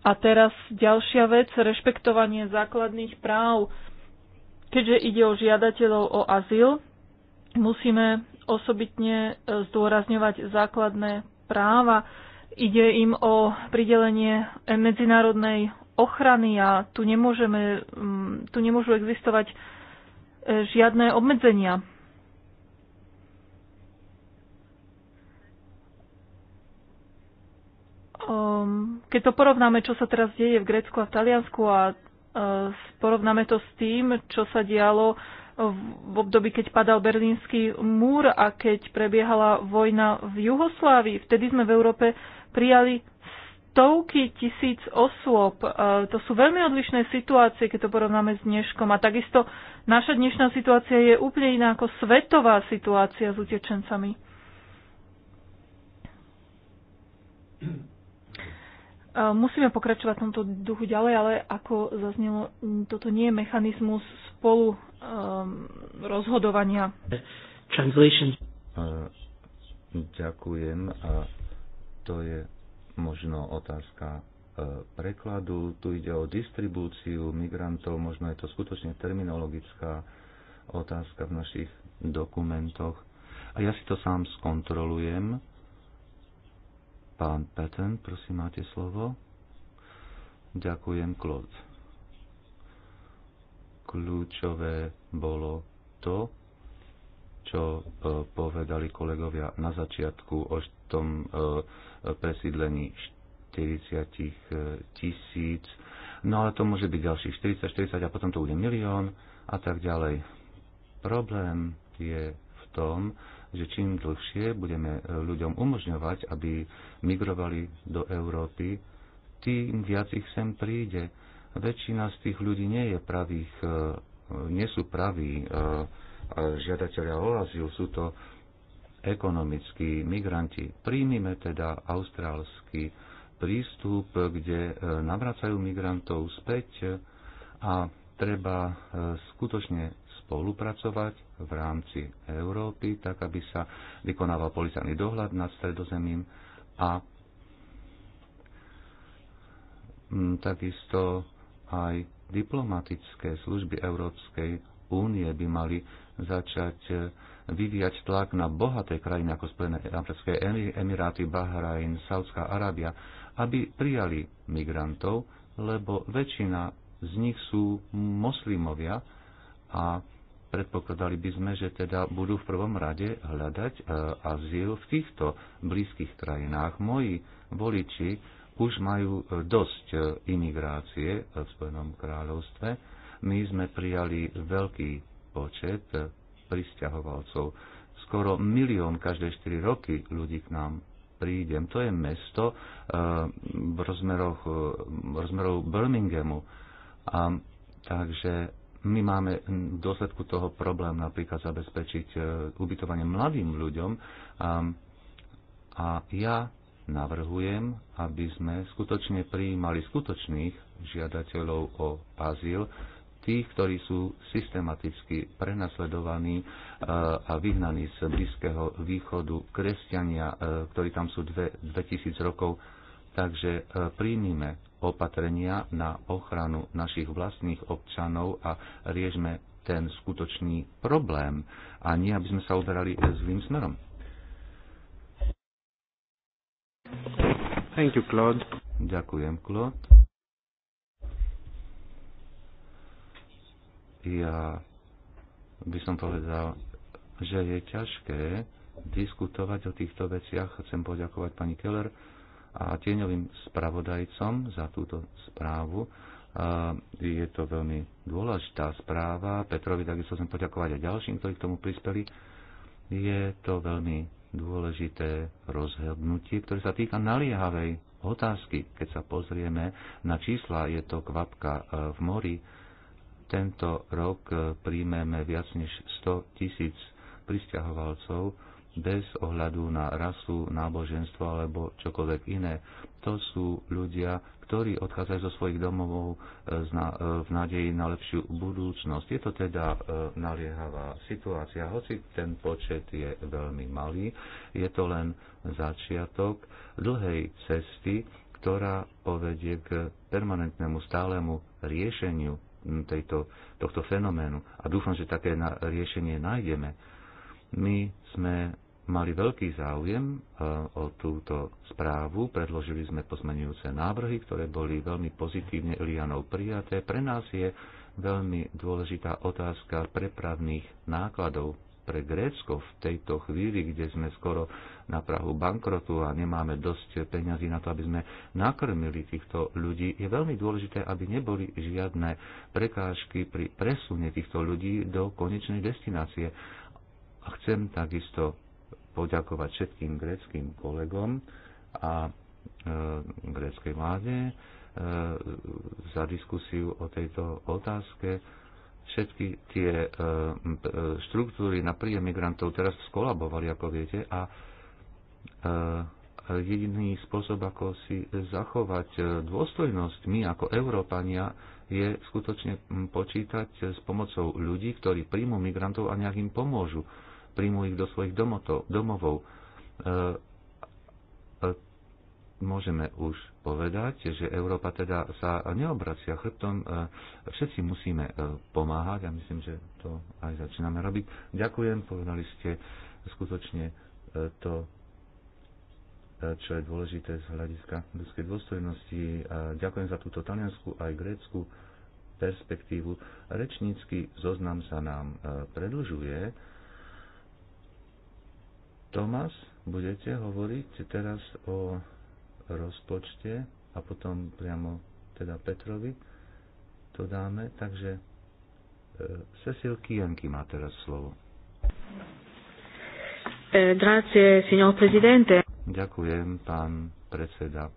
A teraz ďalšia vec, rešpektovanie základných práv. Keďže ide o žiadateľov o azyl, musíme osobitne zdôrazňovať základné práva, Ide im o pridelenie medzinárodnej ochrany a tu, nemôžeme, mm, tu nemôžu existovať e, žiadne obmedzenia. Ehm, keď to porovnáme, čo sa teraz deje v Grécku a v Taliansku a e, porovnáme to s tým, čo sa dialo v období, keď padal berlínsky múr a keď prebiehala vojna v Juhoslávii, vtedy sme v Európe prijali stovky tisíc osôb. E, to sú veľmi odlišné situácie, keď to porovnáme s dneškom. A takisto naša dnešná situácia je úplne iná ako svetová situácia s utečencami. E, musíme pokračovať v tomto duchu ďalej, ale ako zaznelo, toto nie je mechanizmus spolu um, rozhodovania. Translation. Uh, ďakujem to je možno otázka e, prekladu, tu ide o distribúciu migrantov, možno je to skutočne terminologická otázka v našich dokumentoch. A ja si to sám skontrolujem. Pán Petten, prosím, máte slovo. Ďakujem, Klod. Kľúčové bolo to, čo e, povedali kolegovia na začiatku o tom, e, presídlení 40 tisíc. No ale to môže byť ďalších 40, 40 a potom to bude milión a tak ďalej. Problém je v tom, že čím dlhšie budeme ľuďom umožňovať, aby migrovali do Európy, tým viac ich sem príde. Väčšina z tých ľudí nie je pravých, e, nie sú praví e, žiadateľia o azyl, sú to ekonomickí migranti. Príjmime teda austrálsky prístup, kde e, navracajú migrantov späť a treba e, skutočne spolupracovať v rámci Európy, tak aby sa vykonával policajný dohľad nad stredozemím a mm, takisto aj diplomatické služby Európskej únie by mali začať e, vyvíjať tlak na bohaté krajiny ako Spojené Arabské Emiráty, Bahrajn, Saudská Arábia, aby prijali migrantov, lebo väčšina z nich sú moslimovia a predpokladali by sme, že teda budú v prvom rade hľadať e, azyl v týchto blízkych krajinách. Moji voliči už majú e, dosť e, imigrácie v Spojenom kráľovstve. My sme prijali veľký počet pristahovalcov. Skoro milión každé 4 roky ľudí k nám prídem. To je mesto eh, v rozmeroch, eh, v rozmeroch Birminghamu. A, takže my máme v dôsledku toho problém napríklad zabezpečiť eh, ubytovanie mladým ľuďom. A, a ja navrhujem, aby sme skutočne prijímali skutočných žiadateľov o azyl, tých, ktorí sú systematicky prenasledovaní e, a vyhnaní z Blízkeho východu, kresťania, e, ktorí tam sú 2000 rokov. Takže e, príjmime opatrenia na ochranu našich vlastných občanov a riežme ten skutočný problém a nie, aby sme sa uberali zlým smerom. Thank you, Claude. Ďakujem, Claude. Ja by som povedal, že je ťažké diskutovať o týchto veciach. Chcem poďakovať pani Keller a tieňovým spravodajcom za túto správu. Je to veľmi dôležitá správa. Petrovi takisto chcem poďakovať aj ďalším, ktorí k tomu prispeli. Je to veľmi dôležité rozhodnutie, ktoré sa týka naliehavej otázky. Keď sa pozrieme na čísla, je to kvapka eh, v mori tento rok e, príjmeme viac než 100 tisíc pristahovalcov bez ohľadu na rasu, náboženstvo alebo čokoľvek iné. To sú ľudia, ktorí odchádzajú zo svojich domovov e, e, v nádeji na lepšiu budúcnosť. Je to teda naliehavá situácia, hoci ten počet je veľmi malý. Je to len začiatok dlhej cesty, ktorá povedie k permanentnému stálemu riešeniu tejto, tohto fenoménu. A dúfam, že také na, riešenie nájdeme. My sme mali veľký záujem e, o túto správu, predložili sme pozmenujúce návrhy, ktoré boli veľmi pozitívne Ilianou prijaté. Pre nás je veľmi dôležitá otázka prepravných nákladov pre Grécko v tejto chvíli, kde sme skoro na Prahu bankrotu a nemáme dosť peňazí na to, aby sme nakrmili týchto ľudí, je veľmi dôležité, aby neboli žiadne prekážky pri presune týchto ľudí do konečnej destinácie. A chcem takisto poďakovať všetkým gréckým kolegom a e, gréckej vláde e, za diskusiu o tejto otázke všetky tie e, e, štruktúry na príjem migrantov teraz skolabovali, ako viete, a e, jediný spôsob, ako si zachovať dôstojnosť my ako Európania, je skutočne počítať s pomocou ľudí, ktorí príjmu migrantov a nejak im pomôžu. Príjmu ich do svojich domotov, domovov môžeme už povedať, že Európa teda sa neobracia chrbtom. E, všetci musíme e, pomáhať a myslím, že to aj začíname robiť. Ďakujem, povedali ste skutočne e, to, čo je dôležité z hľadiska ľudskej dôstojnosti. Ďakujem za túto talianskú aj grécku perspektívu. Rečnícky zoznam sa nám predlžuje. Tomas, budete hovoriť teraz o rozpočte a potom priamo teda Petrovi to dáme. Takže e, Cecil Kienky má teraz slovo. E, grazie, signor presidente. Ďakujem, pán predseda.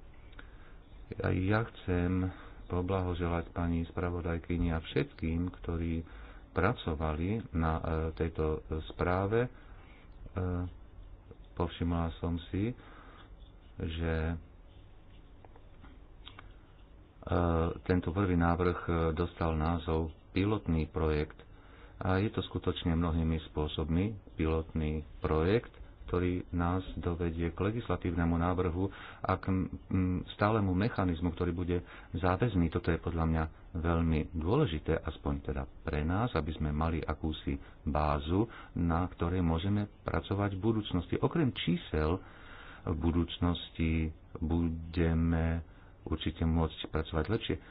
Ja, ja chcem poblahoželať pani spravodajkyni a všetkým, ktorí pracovali na e, tejto správe. E, povšimla som si, že E, tento prvý návrh e, dostal názov pilotný projekt. A je to skutočne mnohými spôsobmi pilotný projekt, ktorý nás dovedie k legislatívnemu návrhu a k stálemu mechanizmu, ktorý bude záväzný. Toto je podľa mňa veľmi dôležité, aspoň teda pre nás, aby sme mali akúsi bázu, na ktorej môžeme pracovať v budúcnosti. Okrem čísel v budúcnosti budeme určite môcť pracovať lepšie, e,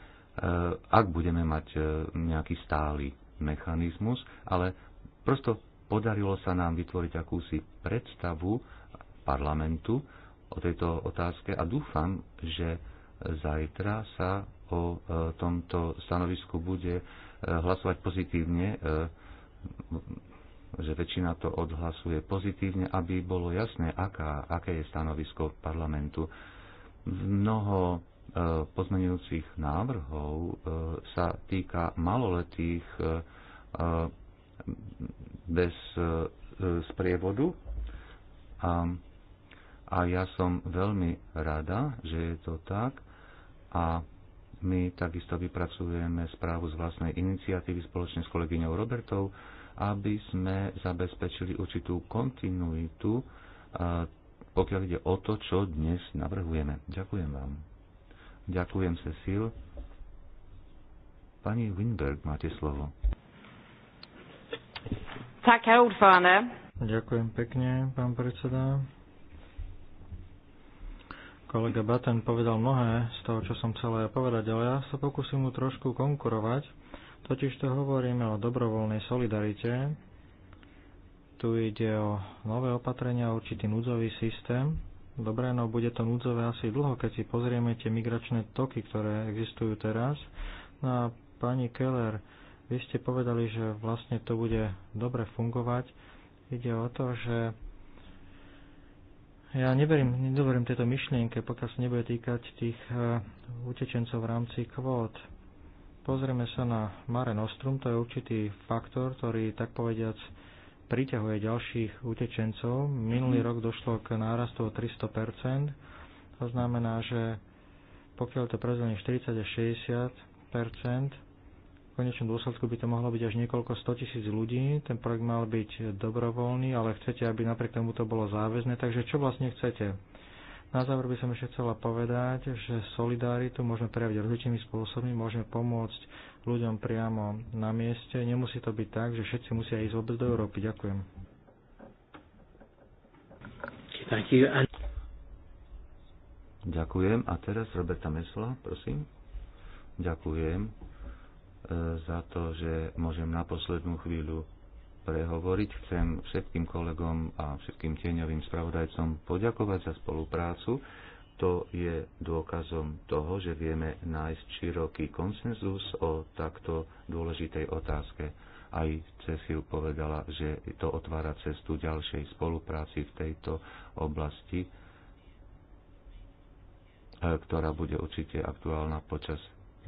ak budeme mať e, nejaký stály mechanizmus, ale prosto podarilo sa nám vytvoriť akúsi predstavu parlamentu o tejto otázke a dúfam, že zajtra sa o e, tomto stanovisku bude hlasovať pozitívne, že väčšina to odhlasuje pozitívne, aby bolo jasné, aká, aké je stanovisko parlamentu. Mnoho pozmenujúcich návrhov e, sa týka maloletých e, e, bez sprievodu. A, a ja som veľmi rada, že je to tak. A my takisto vypracujeme správu z vlastnej iniciatívy spoločne s kolegyňou Robertov, aby sme zabezpečili určitú kontinuitu, pokiaľ ide o to, čo dnes navrhujeme. Ďakujem vám. Ďakujem, Cecil. Pani Winberg, máte slovo. Tak, herr ordförande. Ďakujem pekne, pán predseda. Kolega Batten povedal mnohé z toho, čo som chcel ja povedať, ale ja sa pokúsim mu trošku konkurovať. Totiž to hovoríme o dobrovoľnej solidarite. Tu ide o nové opatrenia, určitý núdzový systém, Dobre, no bude to núdzové asi dlho, keď si pozrieme tie migračné toky, ktoré existujú teraz. No a pani Keller, vy ste povedali, že vlastne to bude dobre fungovať. Ide o to, že ja neverím, nedoverím tejto myšlienke, pokiaľ sa nebude týkať tých e, utečencov v rámci kvót. Pozrieme sa na Mare Nostrum, to je určitý faktor, ktorý tak povediac priťahuje ďalších utečencov. Minulý mhm. rok došlo k nárastu o 300%. To znamená, že pokiaľ to prezdelenie 40 až 60 v konečnom dôsledku by to mohlo byť až niekoľko 100 tisíc ľudí. Ten projekt mal byť dobrovoľný, ale chcete, aby napriek tomu to bolo záväzné. Takže čo vlastne chcete? Na záver by som ešte chcela povedať, že solidaritu môžeme prejaviť rozličnými spôsobmi. Môžeme pomôcť ľuďom priamo na mieste. Nemusí to byť tak, že všetci musia ísť vôbec do Európy. Ďakujem. Ďakujem. A teraz Roberta Mesla, prosím. Ďakujem e, za to, že môžem na poslednú chvíľu prehovoriť. Chcem všetkým kolegom a všetkým tieňovým spravodajcom poďakovať za spoluprácu to je dôkazom toho, že vieme nájsť široký konsenzus o takto dôležitej otázke. Aj Cecil povedala, že to otvára cestu ďalšej spolupráci v tejto oblasti, e, ktorá bude určite aktuálna počas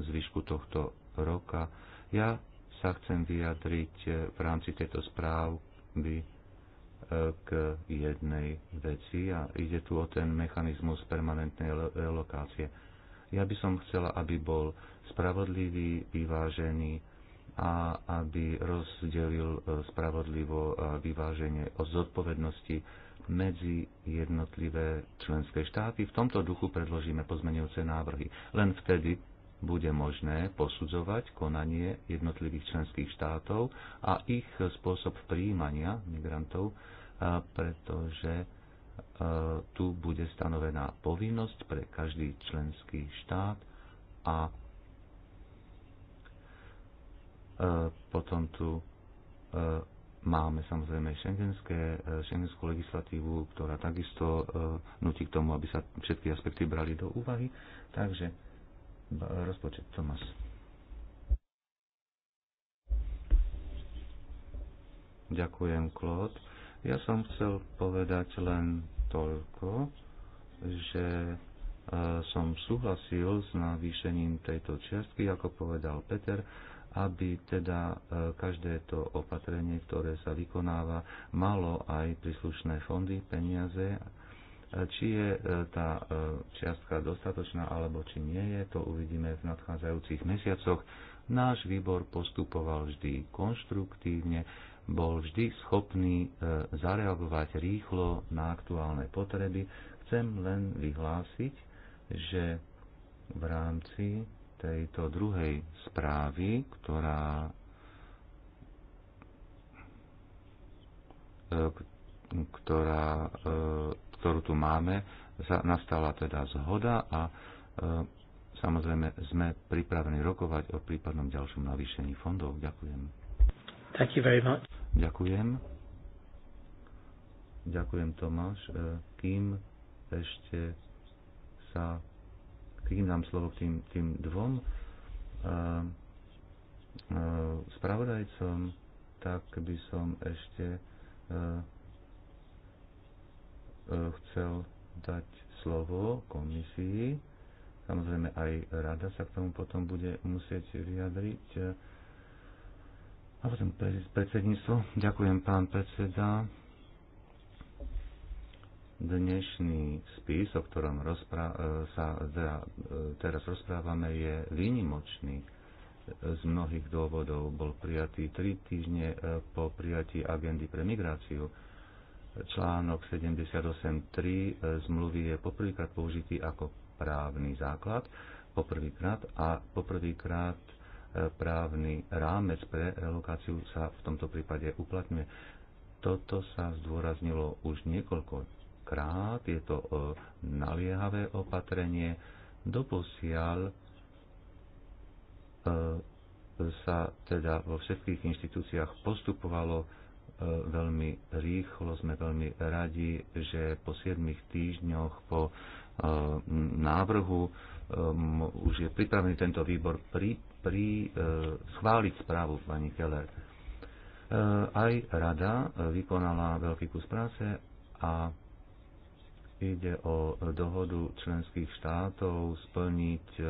zvyšku tohto roka. Ja sa chcem vyjadriť e, v rámci tejto správy k jednej veci a ide tu o ten mechanizmus permanentnej relokácie. Ja by som chcela, aby bol spravodlivý, vyvážený a aby rozdelil e, spravodlivo a vyváženie o zodpovednosti medzi jednotlivé členské štáty. V tomto duchu predložíme pozmenujúce návrhy. Len vtedy bude možné posudzovať konanie jednotlivých členských štátov a ich spôsob príjmania migrantov pretože e, tu bude stanovená povinnosť pre každý členský štát a e, potom tu e, máme samozrejme šengenské, šengenskú legislatívu, ktorá takisto nutí k tomu, aby sa všetky aspekty brali do úvahy. Takže rozpočet Tomas. Ďakujem, Claude. Ja som chcel povedať len toľko, že e, som súhlasil s navýšením tejto čiastky, ako povedal Peter, aby teda e, každé to opatrenie, ktoré sa vykonáva, malo aj príslušné fondy, peniaze. Či je e, tá čiastka dostatočná alebo či nie je, to uvidíme v nadchádzajúcich mesiacoch. Náš výbor postupoval vždy konštruktívne bol vždy schopný e, zareagovať rýchlo na aktuálne potreby. Chcem len vyhlásiť, že v rámci tejto druhej správy, ktorá e, ktorá, e, ktorú tu máme, nastala teda zhoda a samozrejme sme pripravení rokovať o prípadnom ďalšom navýšení fondov. Ďakujem. Thank you very much. Ďakujem. Ďakujem, Tomáš. E, kým ešte sa... Kým dám slovo k tým, tým dvom e, e, spravodajcom, tak by som ešte chcel dať slovo komisii. Samozrejme aj rada sa k tomu potom bude musieť vyjadriť. Hovorím predsedníctvo. Ďakujem, pán predseda. Dnešný spis, o ktorom e, sa e, teraz rozprávame, je výnimočný. Z mnohých dôvodov bol prijatý tri týždne e, po prijatí agendy pre migráciu. Článok 78.3 zmluvy je poprvýkrát použitý ako právny základ poprvýkrát a poprvýkrát právny rámec pre relokáciu sa v tomto prípade uplatňuje. Toto sa zdôraznilo už niekoľko krát, je to e, naliehavé opatrenie. Doposiaľ e, sa teda vo všetkých inštitúciách postupovalo e, veľmi rýchlo, sme veľmi radi, že po 7 týždňoch po návrhu už je pripravený tento výbor pri pri, e, schváliť správu pani Keller. E, aj rada vykonala veľký kus práce a ide o dohodu členských štátov splniť e,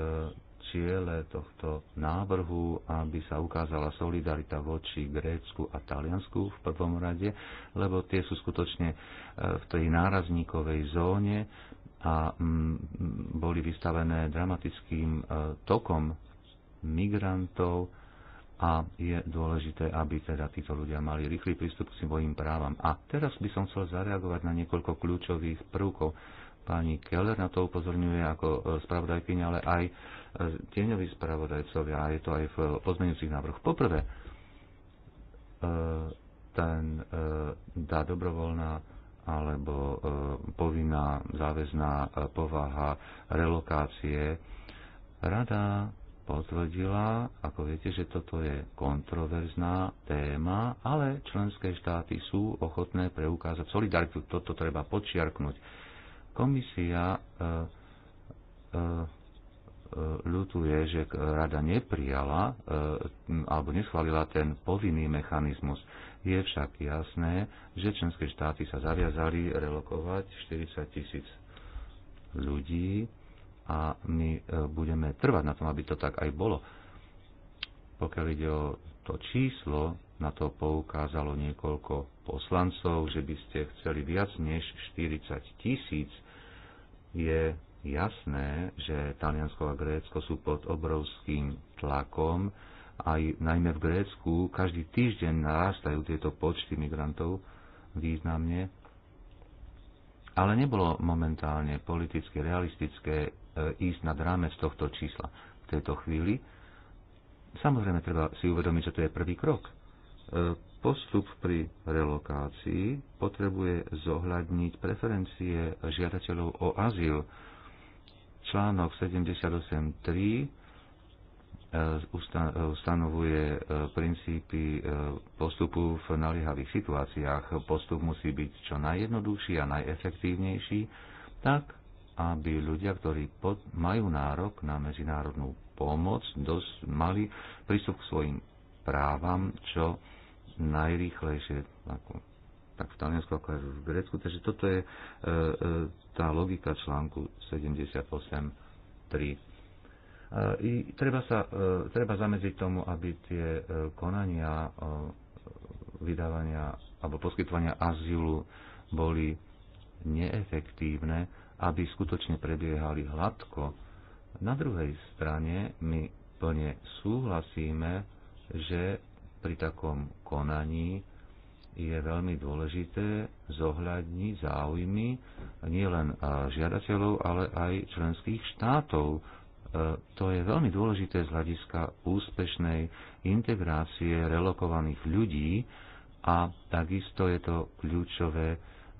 ciele tohto návrhu, aby sa ukázala solidarita voči Grécku a Taliansku v prvom rade, lebo tie sú skutočne v tej nárazníkovej zóne a mm, mm, boli vystavené dramatickým tokom migrantov a je dôležité, aby teda títo ľudia mali rýchly prístup k svojim právam. A teraz by som chcel zareagovať na niekoľko kľúčových prvkov. Pani Keller na to upozorňuje ako e, spravodajkyňa, ale aj e, tieňoví spravodajcovia, a je to aj v pozmeňujúcich návrhoch. Poprvé, e, ten, tá dobrovoľná alebo povinná záväzná povaha relokácie. Rada potvrdila, ako viete, že toto je kontroverzná téma, ale členské štáty sú ochotné preukázať solidaritu. Toto treba podčiarknúť. Komisia e, e, e, ľutuje, že rada neprijala e, alebo neschválila ten povinný mechanizmus. Je však jasné, že členské štáty sa zaviazali relokovať 40 tisíc ľudí a my e, budeme trvať na tom, aby to tak aj bolo. Pokiaľ ide o to číslo, na to poukázalo niekoľko poslancov, že by ste chceli viac než 40 tisíc, je jasné, že Taliansko a Grécko sú pod obrovským tlakom. Aj najmä v Grécku každý týždeň narastajú tieto počty migrantov významne. Ale nebolo momentálne politicky realistické E, ísť nad rámec tohto čísla v tejto chvíli. Samozrejme, treba si uvedomiť, že to je prvý krok. E, postup pri relokácii potrebuje zohľadniť preferencie žiadateľov o azyl. Článok 78.3 e, ustanovuje princípy postupu v naliehavých situáciách. Postup musí byť čo najjednoduchší a najefektívnejší, tak aby ľudia, ktorí pod, majú nárok na medzinárodnú pomoc, dosť mali prístup k svojim právam čo najrýchlejšie, ako, tak v Taliansku ako aj v Grécku. Takže toto je e, e, tá logika článku 78.3. E, I treba, sa, e, treba zamedziť tomu, aby tie e, konania vydávania alebo poskytovania azylu boli neefektívne aby skutočne prebiehali hladko. Na druhej strane my plne súhlasíme, že pri takom konaní je veľmi dôležité zohľadniť záujmy nielen eh, žiadateľov, ale aj členských štátov. Eh, to je veľmi dôležité z hľadiska úspešnej integrácie relokovaných ľudí a takisto je to kľúčové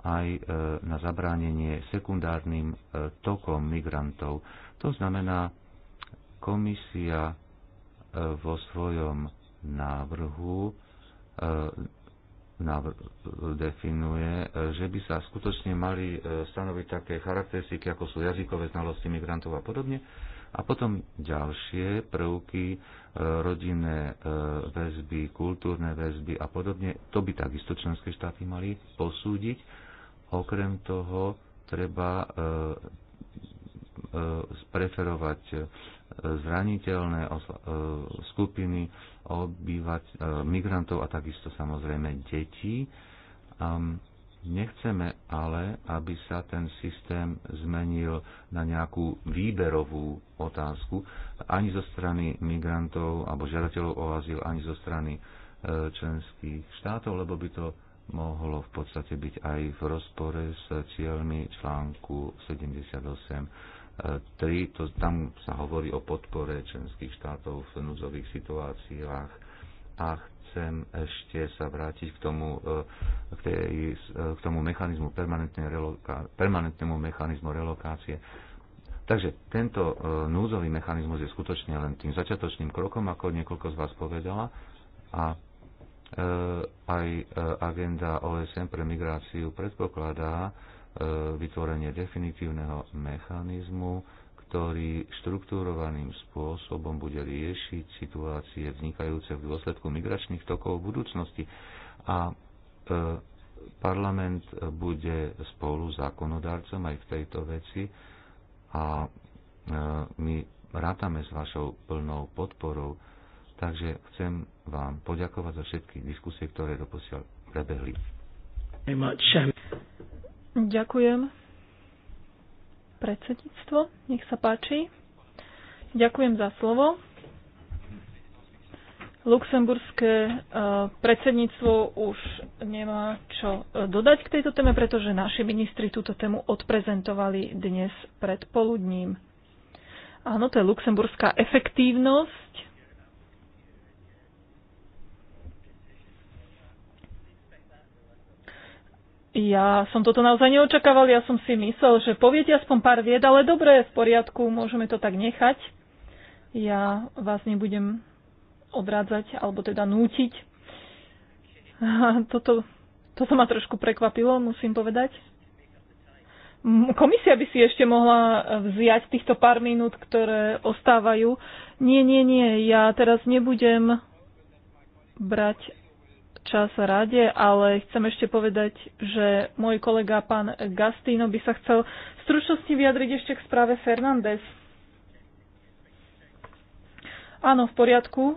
aj e, na zabránenie sekundárnym e, tokom migrantov. To znamená, komisia e, vo svojom návrhu definuje, že by sa skutočne mali stanoviť také charakteristiky, ako sú jazykové znalosti migrantov a podobne. A potom ďalšie prvky, rodinné väzby, kultúrne väzby a podobne. To by takisto členské štáty mali posúdiť Okrem toho treba e, e, preferovať e, zraniteľné skupiny obyvať, migrantov a takisto samozrejme detí. Nechceme ale, aby sa ten systém zmenil na nejakú výberovú otázku ani zo strany migrantov alebo žiadateľov o azyl, ani zo strany členských štátov, lebo by to mohlo v podstate byť aj v rozpore s cieľmi článku 78. 3, eh, to, tam sa hovorí o podpore členských štátov v núdzových situáciách a chcem ešte sa vrátiť k tomu, eh, k, tej, eh, k tomu mechanizmu reloka, permanentnému mechanizmu relokácie. Takže tento núzový mechanizmus je skutočne len tým začiatočným krokom, ako niekoľko z vás povedala, a E, aj e, agenda OSN pre migráciu predpokladá e, vytvorenie definitívneho mechanizmu, ktorý štruktúrovaným spôsobom bude riešiť situácie vznikajúce v dôsledku migračných tokov v budúcnosti. A parlament bude spolu zákonodárcom aj v tejto veci a my rátame s vašou plnou podporou Takže chcem vám poďakovať za všetky diskusie, ktoré doposiaľ prebehli. Ďakujem. Predsedníctvo, nech sa páči. Ďakujem za slovo. Luxemburské e, predsedníctvo už nemá čo e, dodať k tejto téme, pretože naši ministri túto tému odprezentovali dnes predpoludním. Áno, to je luxemburská efektívnosť Ja som toto naozaj neočakával, ja som si myslel, že poviete aspoň pár vied, ale dobre, v poriadku, môžeme to tak nechať. Ja vás nebudem odrádzať, alebo teda nútiť. (laughs) Toto, toto ma trošku prekvapilo, musím povedať. Komisia by si ešte mohla vziať týchto pár minút, ktoré ostávajú. Nie, nie, nie, ja teraz nebudem brať čas rade, ale chcem ešte povedať, že môj kolega pán Gastino by sa chcel v stručnosti vyjadriť ešte k správe Fernández. Áno, v poriadku, e,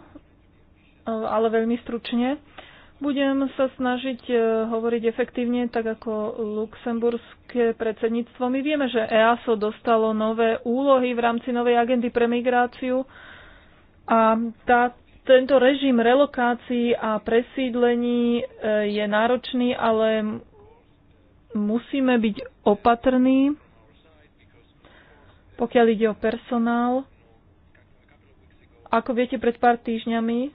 ale veľmi stručne. Budem sa snažiť e, hovoriť efektívne, tak ako luxemburské predsedníctvo. My vieme, že EASO dostalo nové úlohy v rámci novej agendy pre migráciu a tá, tento režim relokácií a presídlení e, je náročný, ale musíme byť opatrní, pokiaľ ide o personál. Ako viete, pred pár týždňami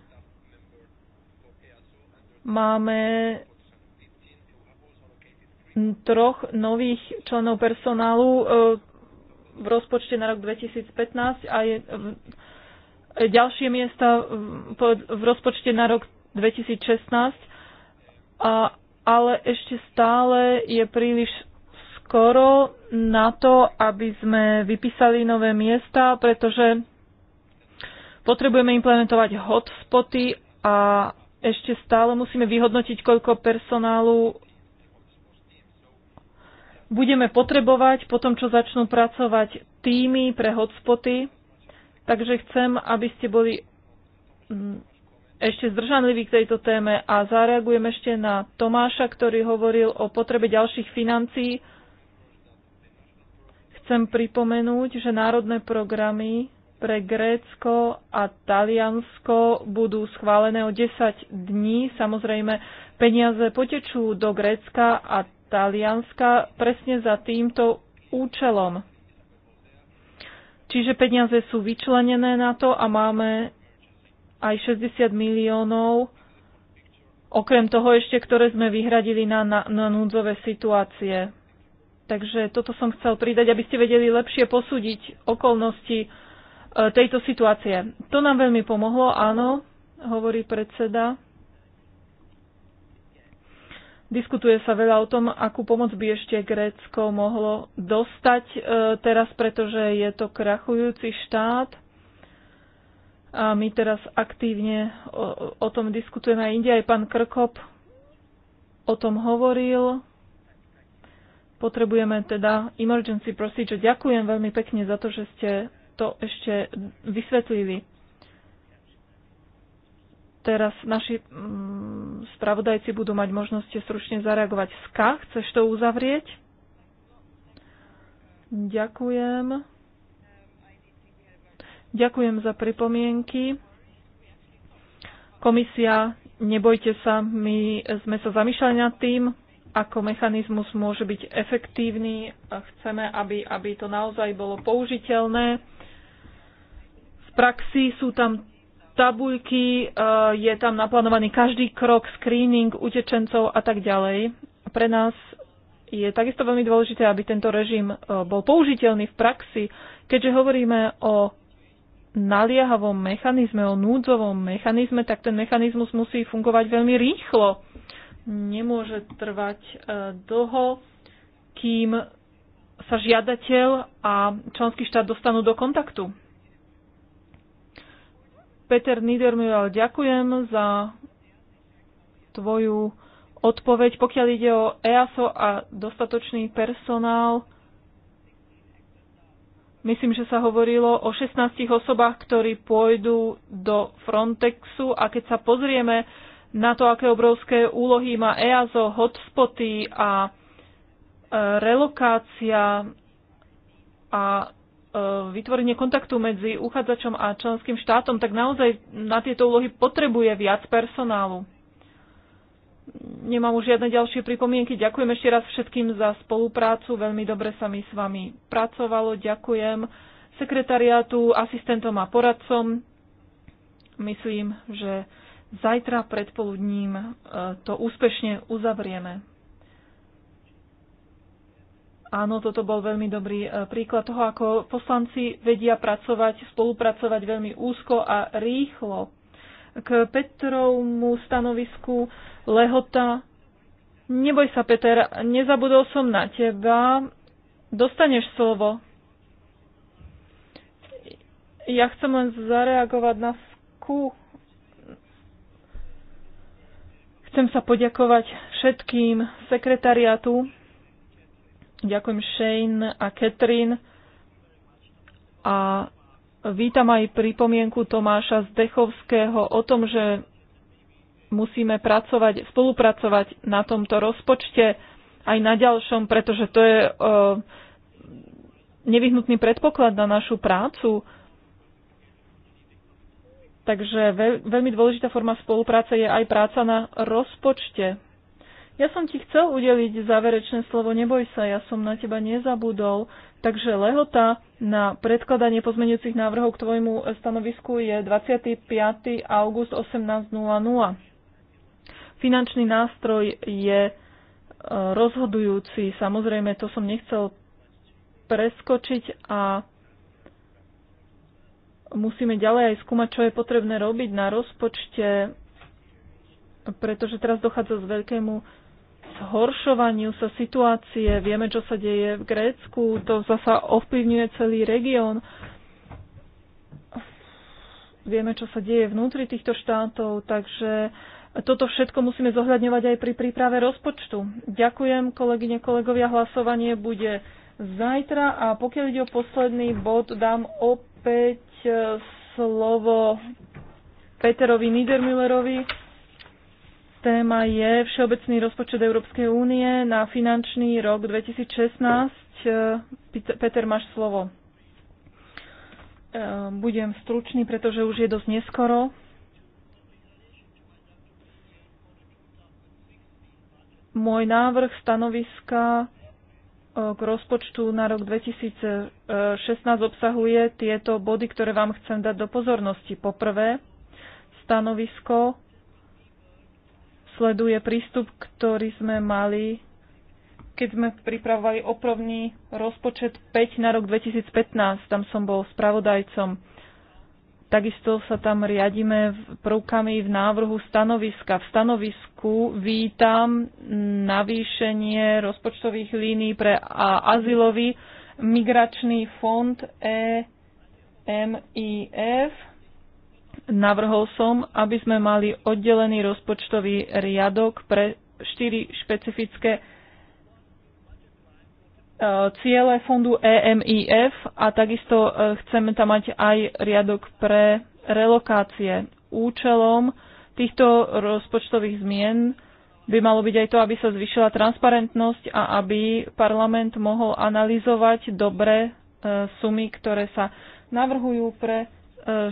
máme troch nových členov personálu e, v rozpočte na rok 2015 a je, ďalšie miesta v rozpočte na rok 2016, a, ale ešte stále je príliš skoro na to, aby sme vypísali nové miesta, pretože potrebujeme implementovať hotspoty a ešte stále musíme vyhodnotiť, koľko personálu budeme potrebovať potom, čo začnú pracovať týmy pre hotspoty. Takže chcem, aby ste boli mm, ešte zdržanliví k tejto téme a zareagujem ešte na Tomáša, ktorý hovoril o potrebe ďalších financií. Chcem pripomenúť, že národné programy pre Grécko a Taliansko budú schválené o 10 dní. Samozrejme, peniaze potečú do Grécka a Talianska presne za týmto účelom. Čiže peniaze sú vyčlenené na to a máme aj 60 miliónov, okrem toho ešte, ktoré sme vyhradili na, na, na núdzové situácie. Takže toto som chcel pridať, aby ste vedeli lepšie posúdiť okolnosti e, tejto situácie. To nám veľmi pomohlo, áno, hovorí predseda. Diskutuje sa veľa o tom, akú pomoc by ešte Grécko mohlo dostať e, teraz, pretože je to krachujúci štát. A my teraz aktívne o, o tom diskutujeme. A inde aj pán Krkop o tom hovoril. Potrebujeme teda emergency procedure. Ďakujem veľmi pekne za to, že ste to ešte vysvetlili. Teraz naši mm, spravodajci budú mať možnosť stručne zareagovať. Ska, chceš to uzavrieť? Ďakujem. Ďakujem za pripomienky. Komisia, nebojte sa, my sme sa zamýšľali nad tým, ako mechanizmus môže byť efektívny. Chceme, aby, aby to naozaj bolo použiteľné. V praxi sú tam tabuľky, eh, je tam naplánovaný každý krok, screening utečencov a tak ďalej. Pre nás je takisto veľmi dôležité, aby tento režim eh, bol použiteľný v praxi, keďže hovoríme o naliehavom mechanizme, o núdzovom mechanizme, tak ten mechanizmus musí fungovať veľmi rýchlo. Nemôže trvať eh, dlho, kým sa žiadateľ a členský štát dostanú do kontaktu Peter Niedermüller, ďakujem za tvoju odpoveď. Pokiaľ ide o EASO a dostatočný personál, myslím, že sa hovorilo o 16 osobách, ktorí pôjdu do Frontexu a keď sa pozrieme na to, aké obrovské úlohy má EASO, hotspoty a e, relokácia a E, vytvorenie kontaktu medzi uchádzačom a členským štátom, tak naozaj na tieto úlohy potrebuje viac personálu. Nemám už žiadne ďalšie pripomienky. Ďakujem ešte raz všetkým za spoluprácu. Veľmi dobre sa mi s vami pracovalo. Ďakujem sekretariátu, asistentom a poradcom. Myslím, že zajtra predpoludním e, to úspešne uzavrieme. Áno, toto bol veľmi dobrý e, príklad toho, ako poslanci vedia pracovať, spolupracovať veľmi úzko a rýchlo. K Petrovmu stanovisku Lehota. Neboj sa, Peter, nezabudol som na teba. Dostaneš slovo. Ja chcem len zareagovať na skú. Chcem sa poďakovať všetkým sekretariatu Ďakujem Shane a Catherine. a vítam aj pripomienku Tomáša Zdechovského o tom, že musíme pracovať, spolupracovať na tomto rozpočte aj na ďalšom, pretože to je uh, nevyhnutný predpoklad na našu prácu. Takže veľ, veľmi dôležitá forma spolupráce je aj práca na rozpočte. Ja som ti chcel udeliť záverečné slovo, neboj sa, ja som na teba nezabudol. Takže lehota na predkladanie pozmenujúcich návrhov k tvojmu stanovisku je 25. august 18.00. Finančný nástroj je e, rozhodujúci, samozrejme, to som nechcel preskočiť a musíme ďalej aj skúmať, čo je potrebné robiť na rozpočte, pretože teraz dochádza z veľkému zhoršovaniu sa situácie. Vieme, čo sa deje v Grécku, to zasa ovplyvňuje celý región. Vieme, čo sa deje vnútri týchto štátov, takže toto všetko musíme zohľadňovať aj pri príprave rozpočtu. Ďakujem, kolegyne, kolegovia. Hlasovanie bude zajtra a pokiaľ ide o posledný bod, dám opäť slovo Peterovi Niedermüllerovi téma je Všeobecný rozpočet Európskej únie na finančný rok 2016. E, Peter, máš slovo. E, budem stručný, pretože už je dosť neskoro. Môj návrh stanoviska e, k rozpočtu na rok 2016 obsahuje tieto body, ktoré vám chcem dať do pozornosti. Poprvé, stanovisko sleduje prístup, ktorý sme mali, keď sme pripravovali opravný rozpočet 5 na rok 2015. Tam som bol spravodajcom. Takisto sa tam riadíme prvkami v návrhu stanoviska. V stanovisku vítam navýšenie rozpočtových línií pre azylový migračný fond EMIF Navrhol som, aby sme mali oddelený rozpočtový riadok pre štyri špecifické e, ciele fondu EMIF a takisto e, chceme tam mať aj riadok pre relokácie. Účelom týchto rozpočtových zmien by malo byť aj to, aby sa zvyšila transparentnosť a aby parlament mohol analyzovať dobre e, sumy, ktoré sa navrhujú pre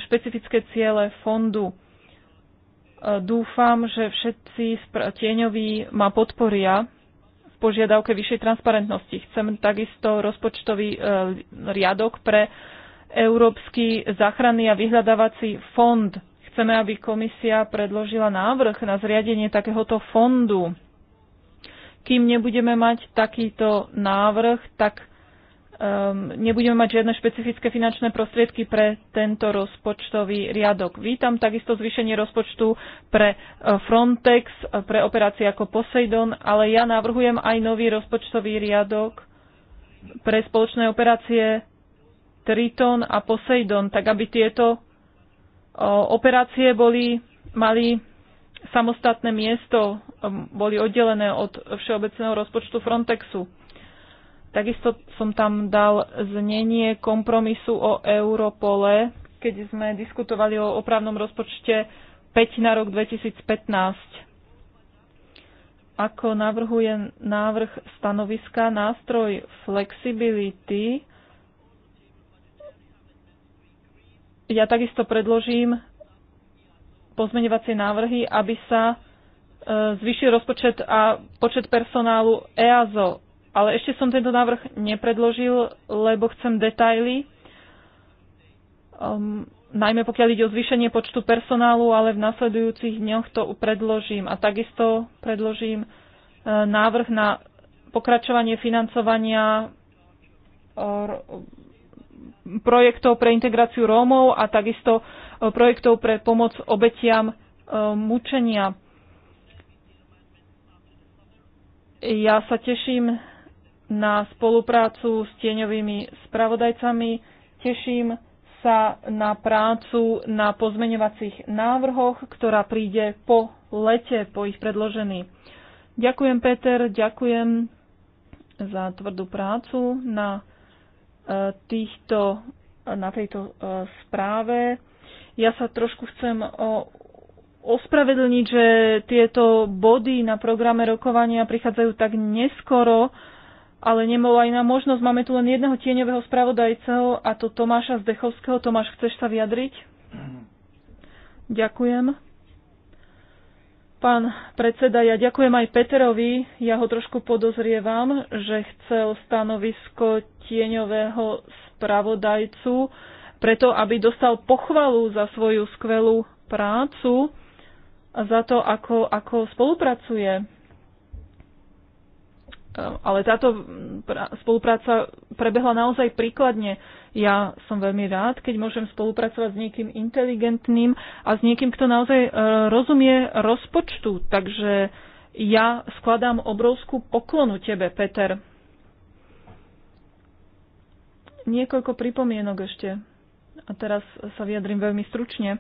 špecifické ciele fondu. E, dúfam, že všetci tieňoví ma podporia v požiadavke vyššej transparentnosti. Chcem takisto rozpočtový e, riadok pre Európsky záchranný a vyhľadávací fond. Chceme, aby komisia predložila návrh na zriadenie takéhoto fondu. Kým nebudeme mať takýto návrh, tak um, nebudeme mať žiadne špecifické finančné prostriedky pre tento rozpočtový riadok. Vítam takisto zvýšenie rozpočtu pre e, Frontex, e, pre operácie ako Poseidon, ale ja navrhujem aj nový rozpočtový riadok pre spoločné operácie Triton a Poseidon, tak aby tieto e, operácie boli, mali samostatné miesto, boli oddelené od všeobecného rozpočtu Frontexu. Takisto som tam dal znenie kompromisu o Europole, keď sme diskutovali o opravnom rozpočte 5 na rok 2015. Ako navrhuje návrh stanoviska nástroj flexibility, ja takisto predložím pozmeňovacie návrhy, aby sa e, zvýšil rozpočet a počet personálu EASO ale ešte som tento návrh nepredložil, lebo chcem detaily, um, najmä pokiaľ ide o zvýšenie počtu personálu, ale v nasledujúcich dňoch to predložím. A takisto predložím uh, návrh na pokračovanie financovania e, projektov pre integráciu Rómov a takisto e, projektov pre pomoc obetiam mučenia. Ja sa teším na spoluprácu s tieňovými spravodajcami. Teším sa na prácu na pozmeňovacích návrhoch, ktorá príde po lete, po ich predložení. Ďakujem, Peter, ďakujem za tvrdú prácu na, e, týchto, na tejto e, správe. Ja sa trošku chcem e, ospravedlniť, že tieto body na programe rokovania prichádzajú tak neskoro, ale aj iná možnosť. Máme tu len jedného tieňového spravodajceho a to Tomáša Zdechovského. Tomáš, chceš sa vyjadriť? Ďakujem. Pán predseda, ja ďakujem aj Peterovi. Ja ho trošku podozrievam, že chcel stanovisko tieňového spravodajcu preto, aby dostal pochvalu za svoju skvelú prácu a za to, ako, ako spolupracuje Eh, ale táto spolupráca prebehla naozaj príkladne. Ja som veľmi rád, keď môžem spolupracovať s niekým inteligentným a s niekým, kto naozaj eh, rozumie rozpočtu. Takže ja skladám obrovskú poklonu tebe, Peter. Niekoľko pripomienok ešte. A teraz sa vyjadrím veľmi stručne.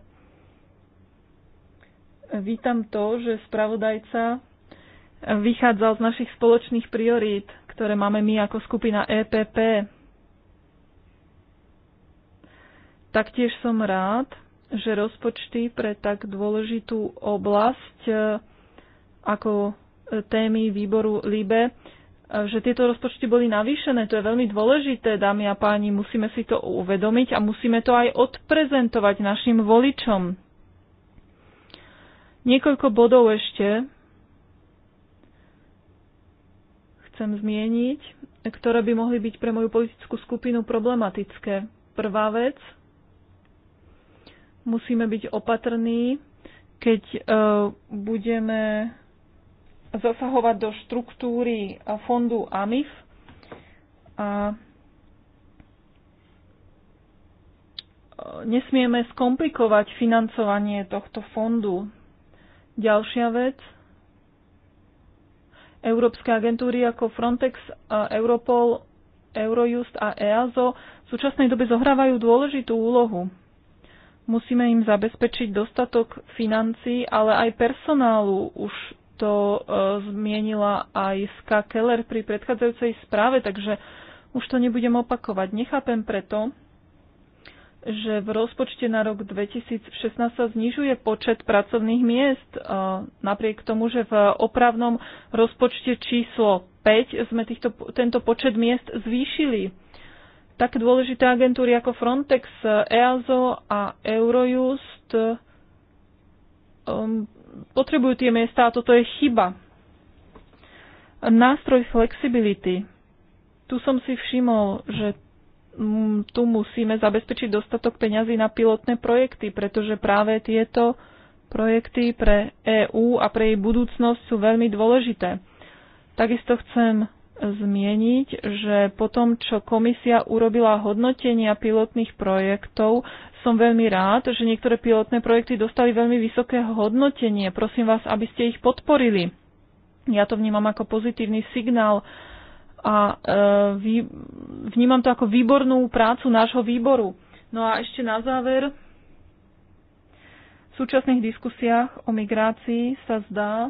Vítam to, že spravodajca vychádzal z našich spoločných priorít, ktoré máme my ako skupina EPP. Taktiež som rád, že rozpočty pre tak dôležitú oblasť e, ako e, témy výboru LIBE, e, že tieto rozpočty boli navýšené. To je veľmi dôležité, dámy a páni. Musíme si to uvedomiť a musíme to aj odprezentovať našim voličom. Niekoľko bodov ešte chcem zmieniť, ktoré by mohli byť pre moju politickú skupinu problematické. Prvá vec, musíme byť opatrní, keď uh, budeme zasahovať do štruktúry e, fondu AMIF a e, nesmieme skomplikovať financovanie tohto fondu. Ďalšia vec, Európske agentúry ako Frontex, e, Europol, Eurojust a EASO v súčasnej dobe zohrávajú dôležitú úlohu. Musíme im zabezpečiť dostatok financií, ale aj personálu. Už to e, zmienila aj Ska Keller pri predchádzajúcej správe, takže už to nebudem opakovať. Nechápem preto, že v rozpočte na rok 2016 sa znižuje počet pracovných miest, napriek tomu, že v opravnom rozpočte číslo 5 sme týchto, tento počet miest zvýšili. Tak dôležité agentúry ako Frontex, EASO a Eurojust um, potrebujú tie miesta a toto je chyba. Nástroj flexibility. Tu som si všimol, že Mm, tu musíme zabezpečiť dostatok peňazí na pilotné projekty, pretože práve tieto projekty pre EÚ a pre jej budúcnosť sú veľmi dôležité. Takisto chcem zmieniť, že po tom, čo komisia urobila hodnotenia pilotných projektov, som veľmi rád, že niektoré pilotné projekty dostali veľmi vysoké hodnotenie. Prosím vás, aby ste ich podporili. Ja to vnímam ako pozitívny signál a e, vnímam to ako výbornú prácu nášho výboru. No a ešte na záver, v súčasných diskusiách o migrácii sa zdá,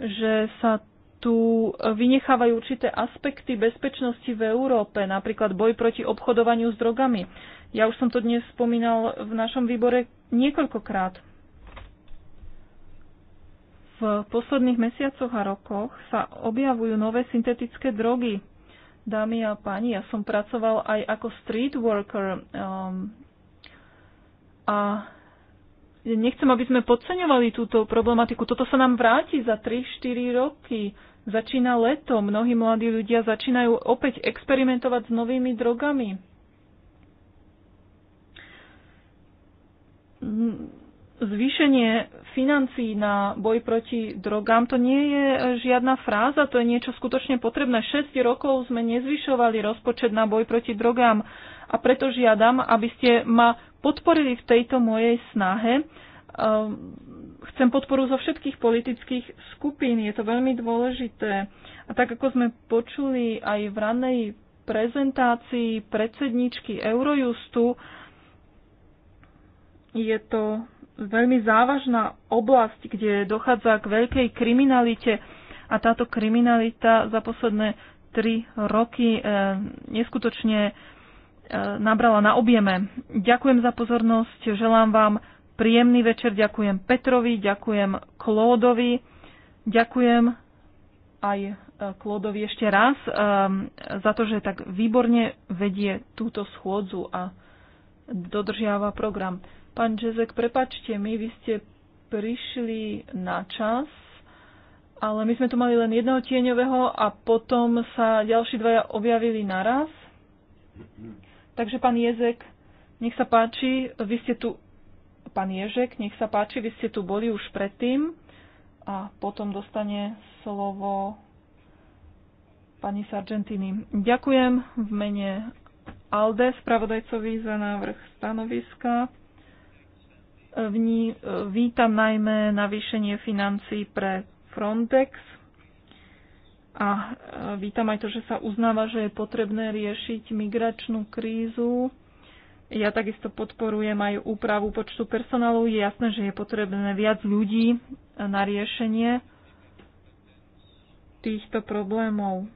že sa tu vynechávajú určité aspekty bezpečnosti v Európe, napríklad boj proti obchodovaniu s drogami. Ja už som to dnes spomínal v našom výbore niekoľkokrát. V posledných mesiacoch a rokoch sa objavujú nové syntetické drogy. Dámy a páni, ja som pracoval aj ako street worker um, a nechcem, aby sme podceňovali túto problematiku. Toto sa nám vráti za 3-4 roky. Začína leto, mnohí mladí ľudia začínajú opäť experimentovať s novými drogami. Mm, zvýšenie financií na boj proti drogám, to nie je žiadna fráza, to je niečo skutočne potrebné. 6 rokov sme nezvyšovali rozpočet na boj proti drogám a preto žiadam, aby ste ma podporili v tejto mojej snahe. Ehm, chcem podporu zo všetkých politických skupín, je to veľmi dôležité. A tak ako sme počuli aj v ranej prezentácii predsedničky Eurojustu, je to veľmi závažná oblasť, kde dochádza k veľkej kriminalite a táto kriminalita za posledné tri roky e, neskutočne e, nabrala na objeme. Ďakujem za pozornosť, želám vám príjemný večer, ďakujem Petrovi, ďakujem Klódovi, ďakujem aj eh, Klódovi ešte raz za to, že tak výborne vedie túto schôdzu a dodržiava program. Pán Žezek, prepačte mi, vy ste prišli na čas, ale my sme tu mali len jedného tieňového a potom sa ďalší dvaja objavili naraz. Takže pán Jezek, nech sa páči, vy ste tu, pán Ježek, nech sa páči, vy ste tu boli už predtým a potom dostane slovo pani Sargentini. Ďakujem v mene ALDE spravodajcovi za návrh stanoviska. V ní vítam najmä navýšenie financí pre Frontex a e, vítam aj to, že sa uznáva, že je potrebné riešiť migračnú krízu. Ja takisto podporujem aj úpravu počtu personálu. Je jasné, že je potrebné viac ľudí na riešenie týchto problémov.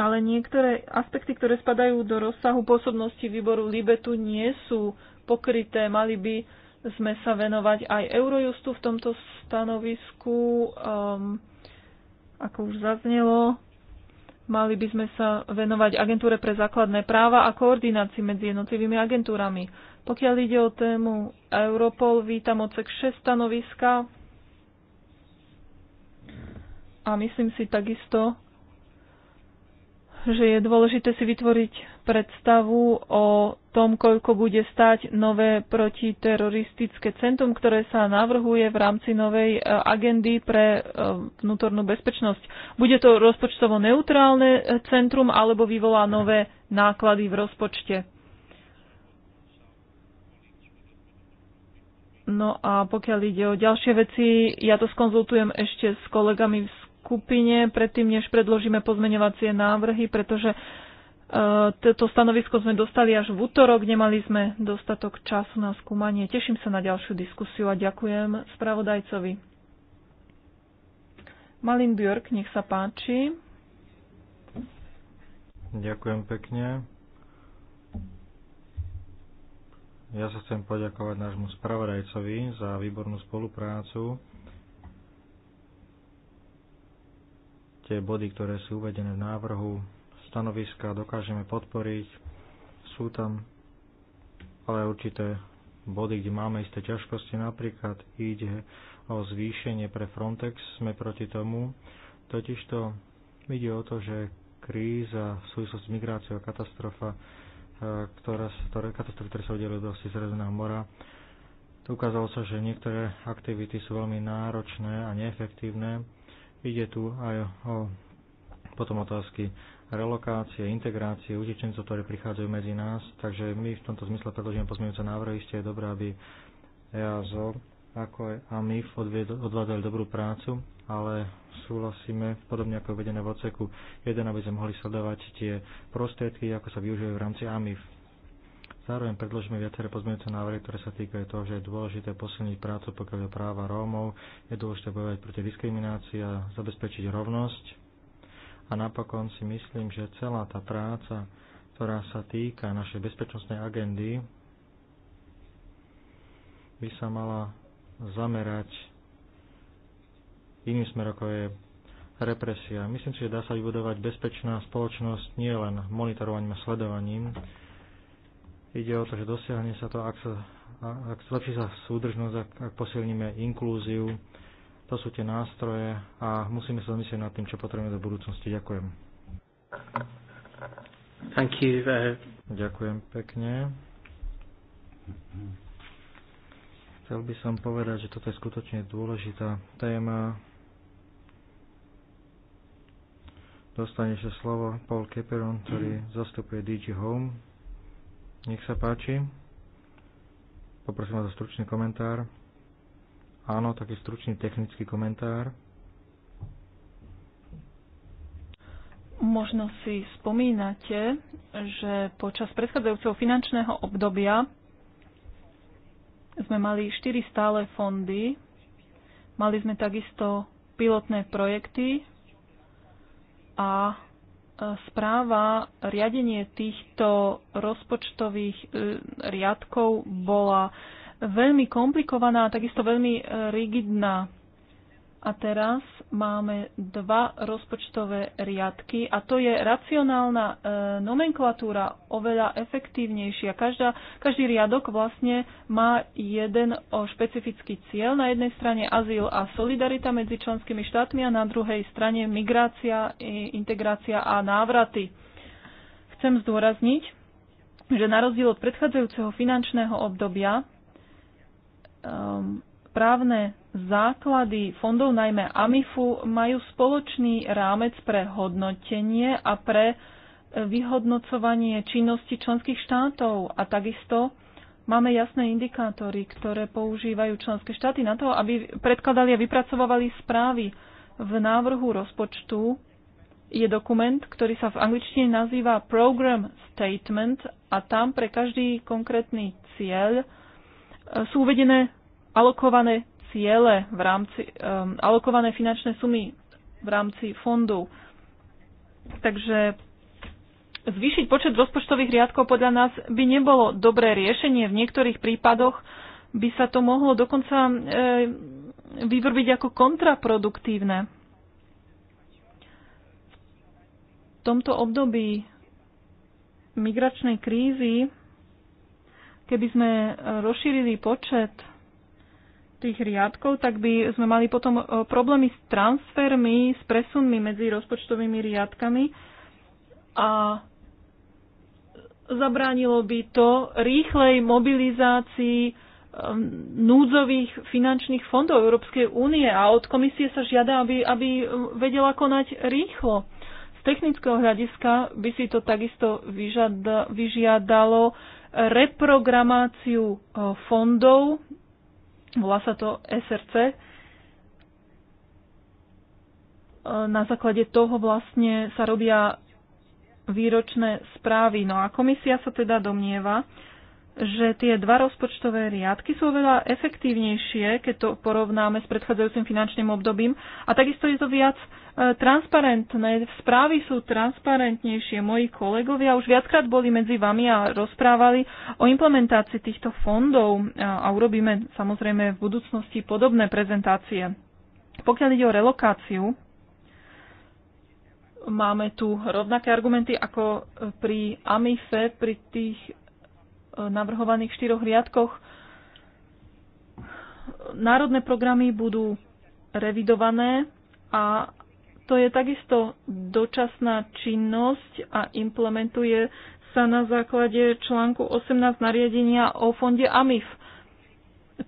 Ale niektoré aspekty, ktoré spadajú do rozsahu pôsobnosti výboru Libetu nie sú pokryté. Mali by sme sa venovať aj Eurojustu v tomto stanovisku. Um, ako už zaznelo, mali by sme sa venovať agentúre pre základné práva a koordinácii medzi jednotlivými agentúrami. Pokiaľ ide o tému Europol, vítam odsek 6 stanoviska a myslím si takisto, že je dôležité si vytvoriť predstavu o tom, koľko bude stať nové protiteroristické centrum, ktoré sa navrhuje v rámci novej e, agendy pre e, vnútornú bezpečnosť. Bude to rozpočtovo neutrálne e, centrum alebo vyvolá nové náklady v rozpočte? No a pokiaľ ide o ďalšie veci, ja to skonzultujem ešte s kolegami z skupine predtým, než predložíme pozmeňovacie návrhy, pretože e, toto stanovisko sme dostali až v útorok, nemali sme dostatok času na skúmanie. Teším sa na ďalšiu diskusiu a ďakujem spravodajcovi. Malin Björk, nech sa páči. Ďakujem pekne. Ja sa chcem poďakovať nášmu spravodajcovi za výbornú spoluprácu tie body, ktoré sú uvedené v návrhu stanoviska, dokážeme podporiť. Sú tam ale určité body, kde máme isté ťažkosti. Napríklad ide o zvýšenie pre Frontex, sme proti tomu. Totižto ide o to, že kríza v súvislosti s migráciou a katastrofa, e, ktorá, ktoré, katastrofy, ktoré sa udelujú do Sredozemného mora, to ukázalo sa, že niektoré aktivity sú veľmi náročné a neefektívne Ide tu aj o potom otázky relokácie, integrácie utečencov, ktorí prichádzajú medzi nás. Takže my v tomto zmysle predložíme pozmeňujúce návrhy. Ešte je dobré, aby EASO ako aj AMIF odvádzali dobrú prácu, ale súhlasíme, podobne ako je vedené v oceku 1, aby sme mohli sledovať tie prostriedky, ako sa využívajú v rámci AMIF. Zároveň predložíme viaceré pozmeňujúce návrhy, ktoré sa týkajú toho, že je dôležité posilniť prácu pokiaľ je práva Rómov, je dôležité bojovať proti diskriminácii a zabezpečiť rovnosť. A napokon si myslím, že celá tá práca, ktorá sa týka našej bezpečnostnej agendy, by sa mala zamerať iným smerom, ako je represia. Myslím si, že dá sa vybudovať bezpečná spoločnosť nielen monitorovaním a sledovaním, Ide o to, že dosiahne sa to, ak, sa, ak zlepší sa súdržnosť, ak, ak posilníme inklúziu. To sú tie nástroje a musíme sa zamyslieť nad tým, čo potrebujeme do budúcnosti. Ďakujem. Thank you. Uh, Ďakujem pekne. Chcel by som povedať, že toto je skutočne dôležitá téma. Dostane sa slovo Paul Keperon, ktorý mm. zastupuje DG Home. Nech sa páči. Poprosím vás o stručný komentár. Áno, taký stručný technický komentár. Možno si spomínate, že počas predchádzajúceho finančného obdobia sme mali 4 stále fondy, mali sme takisto pilotné projekty a správa, riadenie týchto rozpočtových e, riadkov bola veľmi komplikovaná a takisto veľmi e, rigidná. A teraz máme dva rozpočtové riadky a to je racionálna e, nomenklatúra oveľa efektívnejšia. Každá, každý riadok vlastne má jeden o špecifický cieľ. Na jednej strane azyl a solidarita medzi členskými štátmi a na druhej strane migrácia, integrácia a návraty. Chcem zdôrazniť, že na rozdiel od predchádzajúceho finančného obdobia e, právne základy fondov, najmä AMIFu, majú spoločný rámec pre hodnotenie a pre e, vyhodnocovanie činnosti členských štátov. A takisto máme jasné indikátory, ktoré používajú členské štáty na to, aby predkladali a vypracovali správy. V návrhu rozpočtu je dokument, ktorý sa v angličtine nazýva Program Statement a tam pre každý konkrétny cieľ e, sú uvedené alokované ciele v rámci, um, alokované finančné sumy v rámci fondov. Takže zvýšiť počet rozpočtových riadkov podľa nás by nebolo dobré riešenie. V niektorých prípadoch by sa to mohlo dokonca e, vyvrbiť ako kontraproduktívne. V tomto období migračnej krízy, keby sme rozšírili počet tých riadkov, tak by sme mali potom e, problémy s transfermi, s presunmi medzi rozpočtovými riadkami a zabránilo by to rýchlej mobilizácii e, núdzových finančných fondov Európskej únie a od komisie sa žiada, aby, aby e, vedela konať rýchlo. Z technického hľadiska by si to takisto vyžiadalo reprogramáciu fondov Volá sa to SRC. E, na základe toho vlastne sa robia výročné správy. No a komisia sa teda domnieva, že tie dva rozpočtové riadky sú oveľa efektívnejšie, keď to porovnáme s predchádzajúcim finančným obdobím. A takisto je to viac e, transparentné. Správy sú transparentnejšie. Moji kolegovia už viackrát boli medzi vami a rozprávali o implementácii týchto fondov e, a urobíme samozrejme v budúcnosti podobné prezentácie. Pokiaľ ide o relokáciu, máme tu rovnaké argumenty ako pri AMIFE, pri tých navrhovaných štyroch riadkoch. Národné programy budú revidované a to je takisto dočasná činnosť a implementuje sa na základe článku 18 nariadenia o fonde AMIF.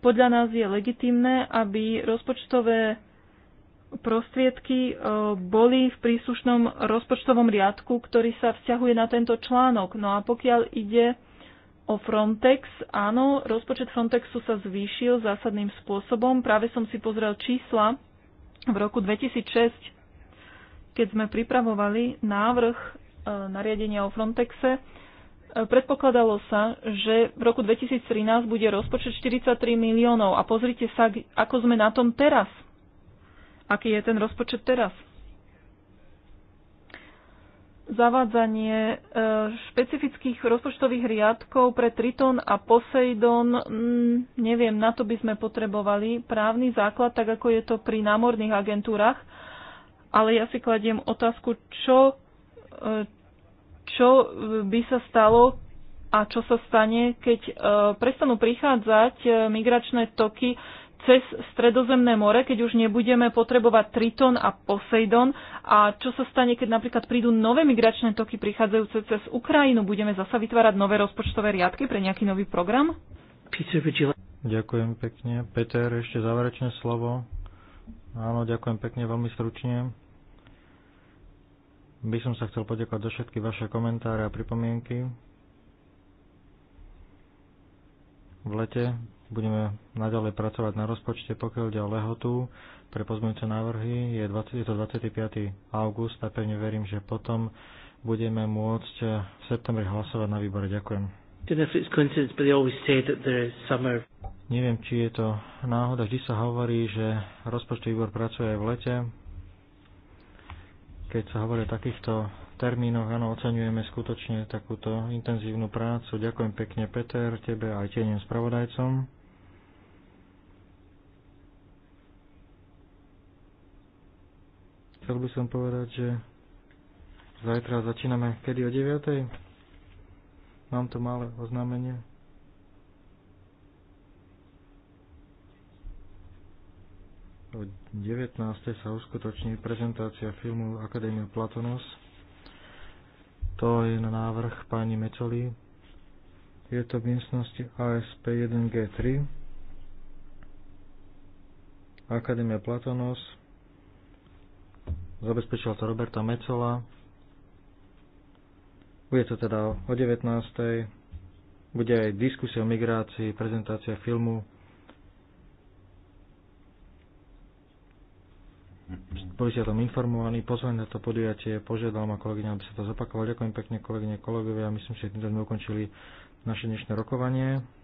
Podľa nás je legitimné, aby rozpočtové prostriedky e, boli v príslušnom rozpočtovom riadku, ktorý sa vzťahuje na tento článok. No a pokiaľ ide o Frontex. Áno, rozpočet Frontexu sa zvýšil zásadným spôsobom. Práve som si pozrel čísla v roku 2006, keď sme pripravovali návrh e, nariadenia o Frontexe. E, predpokladalo sa, že v roku 2013 bude rozpočet 43 miliónov. A pozrite sa, ako sme na tom teraz. Aký je ten rozpočet teraz? zavádzanie e, špecifických rozpočtových riadkov pre Triton a Poseidon, mm, neviem, na to by sme potrebovali právny základ, tak ako je to pri námorných agentúrach, ale ja si kladiem otázku, čo, e, čo e, by sa stalo a čo sa stane, keď prestanú prichádzať migračné toky cez Stredozemné more, keď už nebudeme potrebovať Triton a Poseidon. A čo sa stane, keď napríklad prídu nové migračné toky prichádzajúce cez Ukrajinu? Budeme zasa vytvárať nové rozpočtové riadky pre nejaký nový program? Ďakujem pekne. Peter, ešte záverečné slovo. Áno, ďakujem pekne, veľmi stručne. By som sa chcel poďakovať za všetky vaše komentáre a pripomienky. V lete budeme naďalej pracovať na rozpočte, pokiaľ ide o lehotu. Pre pozmeňujúce návrhy je, 20, je to 25. august a pevne verím, že potom budeme môcť v septembri hlasovať na výbore. Ďakujem. Neviem, či je to náhoda. Vždy sa hovorí, že rozpočtový výbor pracuje aj v lete. Keď sa hovorí o takýchto termínoch, áno, oceňujeme skutočne takúto intenzívnu prácu. Ďakujem pekne, Peter, tebe aj tieňom spravodajcom. Chcel by som povedať, že zajtra začíname kedy o 9. Mám to malé oznámenie. O 19. sa uskutoční prezentácia filmu Akadémia Platonos. To je na návrh pani Mecoli. Je to v miestnosti ASP 1G3. Akadémia Platonos zabezpečila to Roberta Mecola. Bude to teda o 19. Bude aj diskusia o migrácii, prezentácia filmu. Boli ste tam informovaní, pozvané na to podujatie, požiadal ma kolegyňa, aby sa to zopakovalo. Ďakujem pekne kolegyne, kolegovia, myslím, že týmto sme ukončili naše dnešné rokovanie.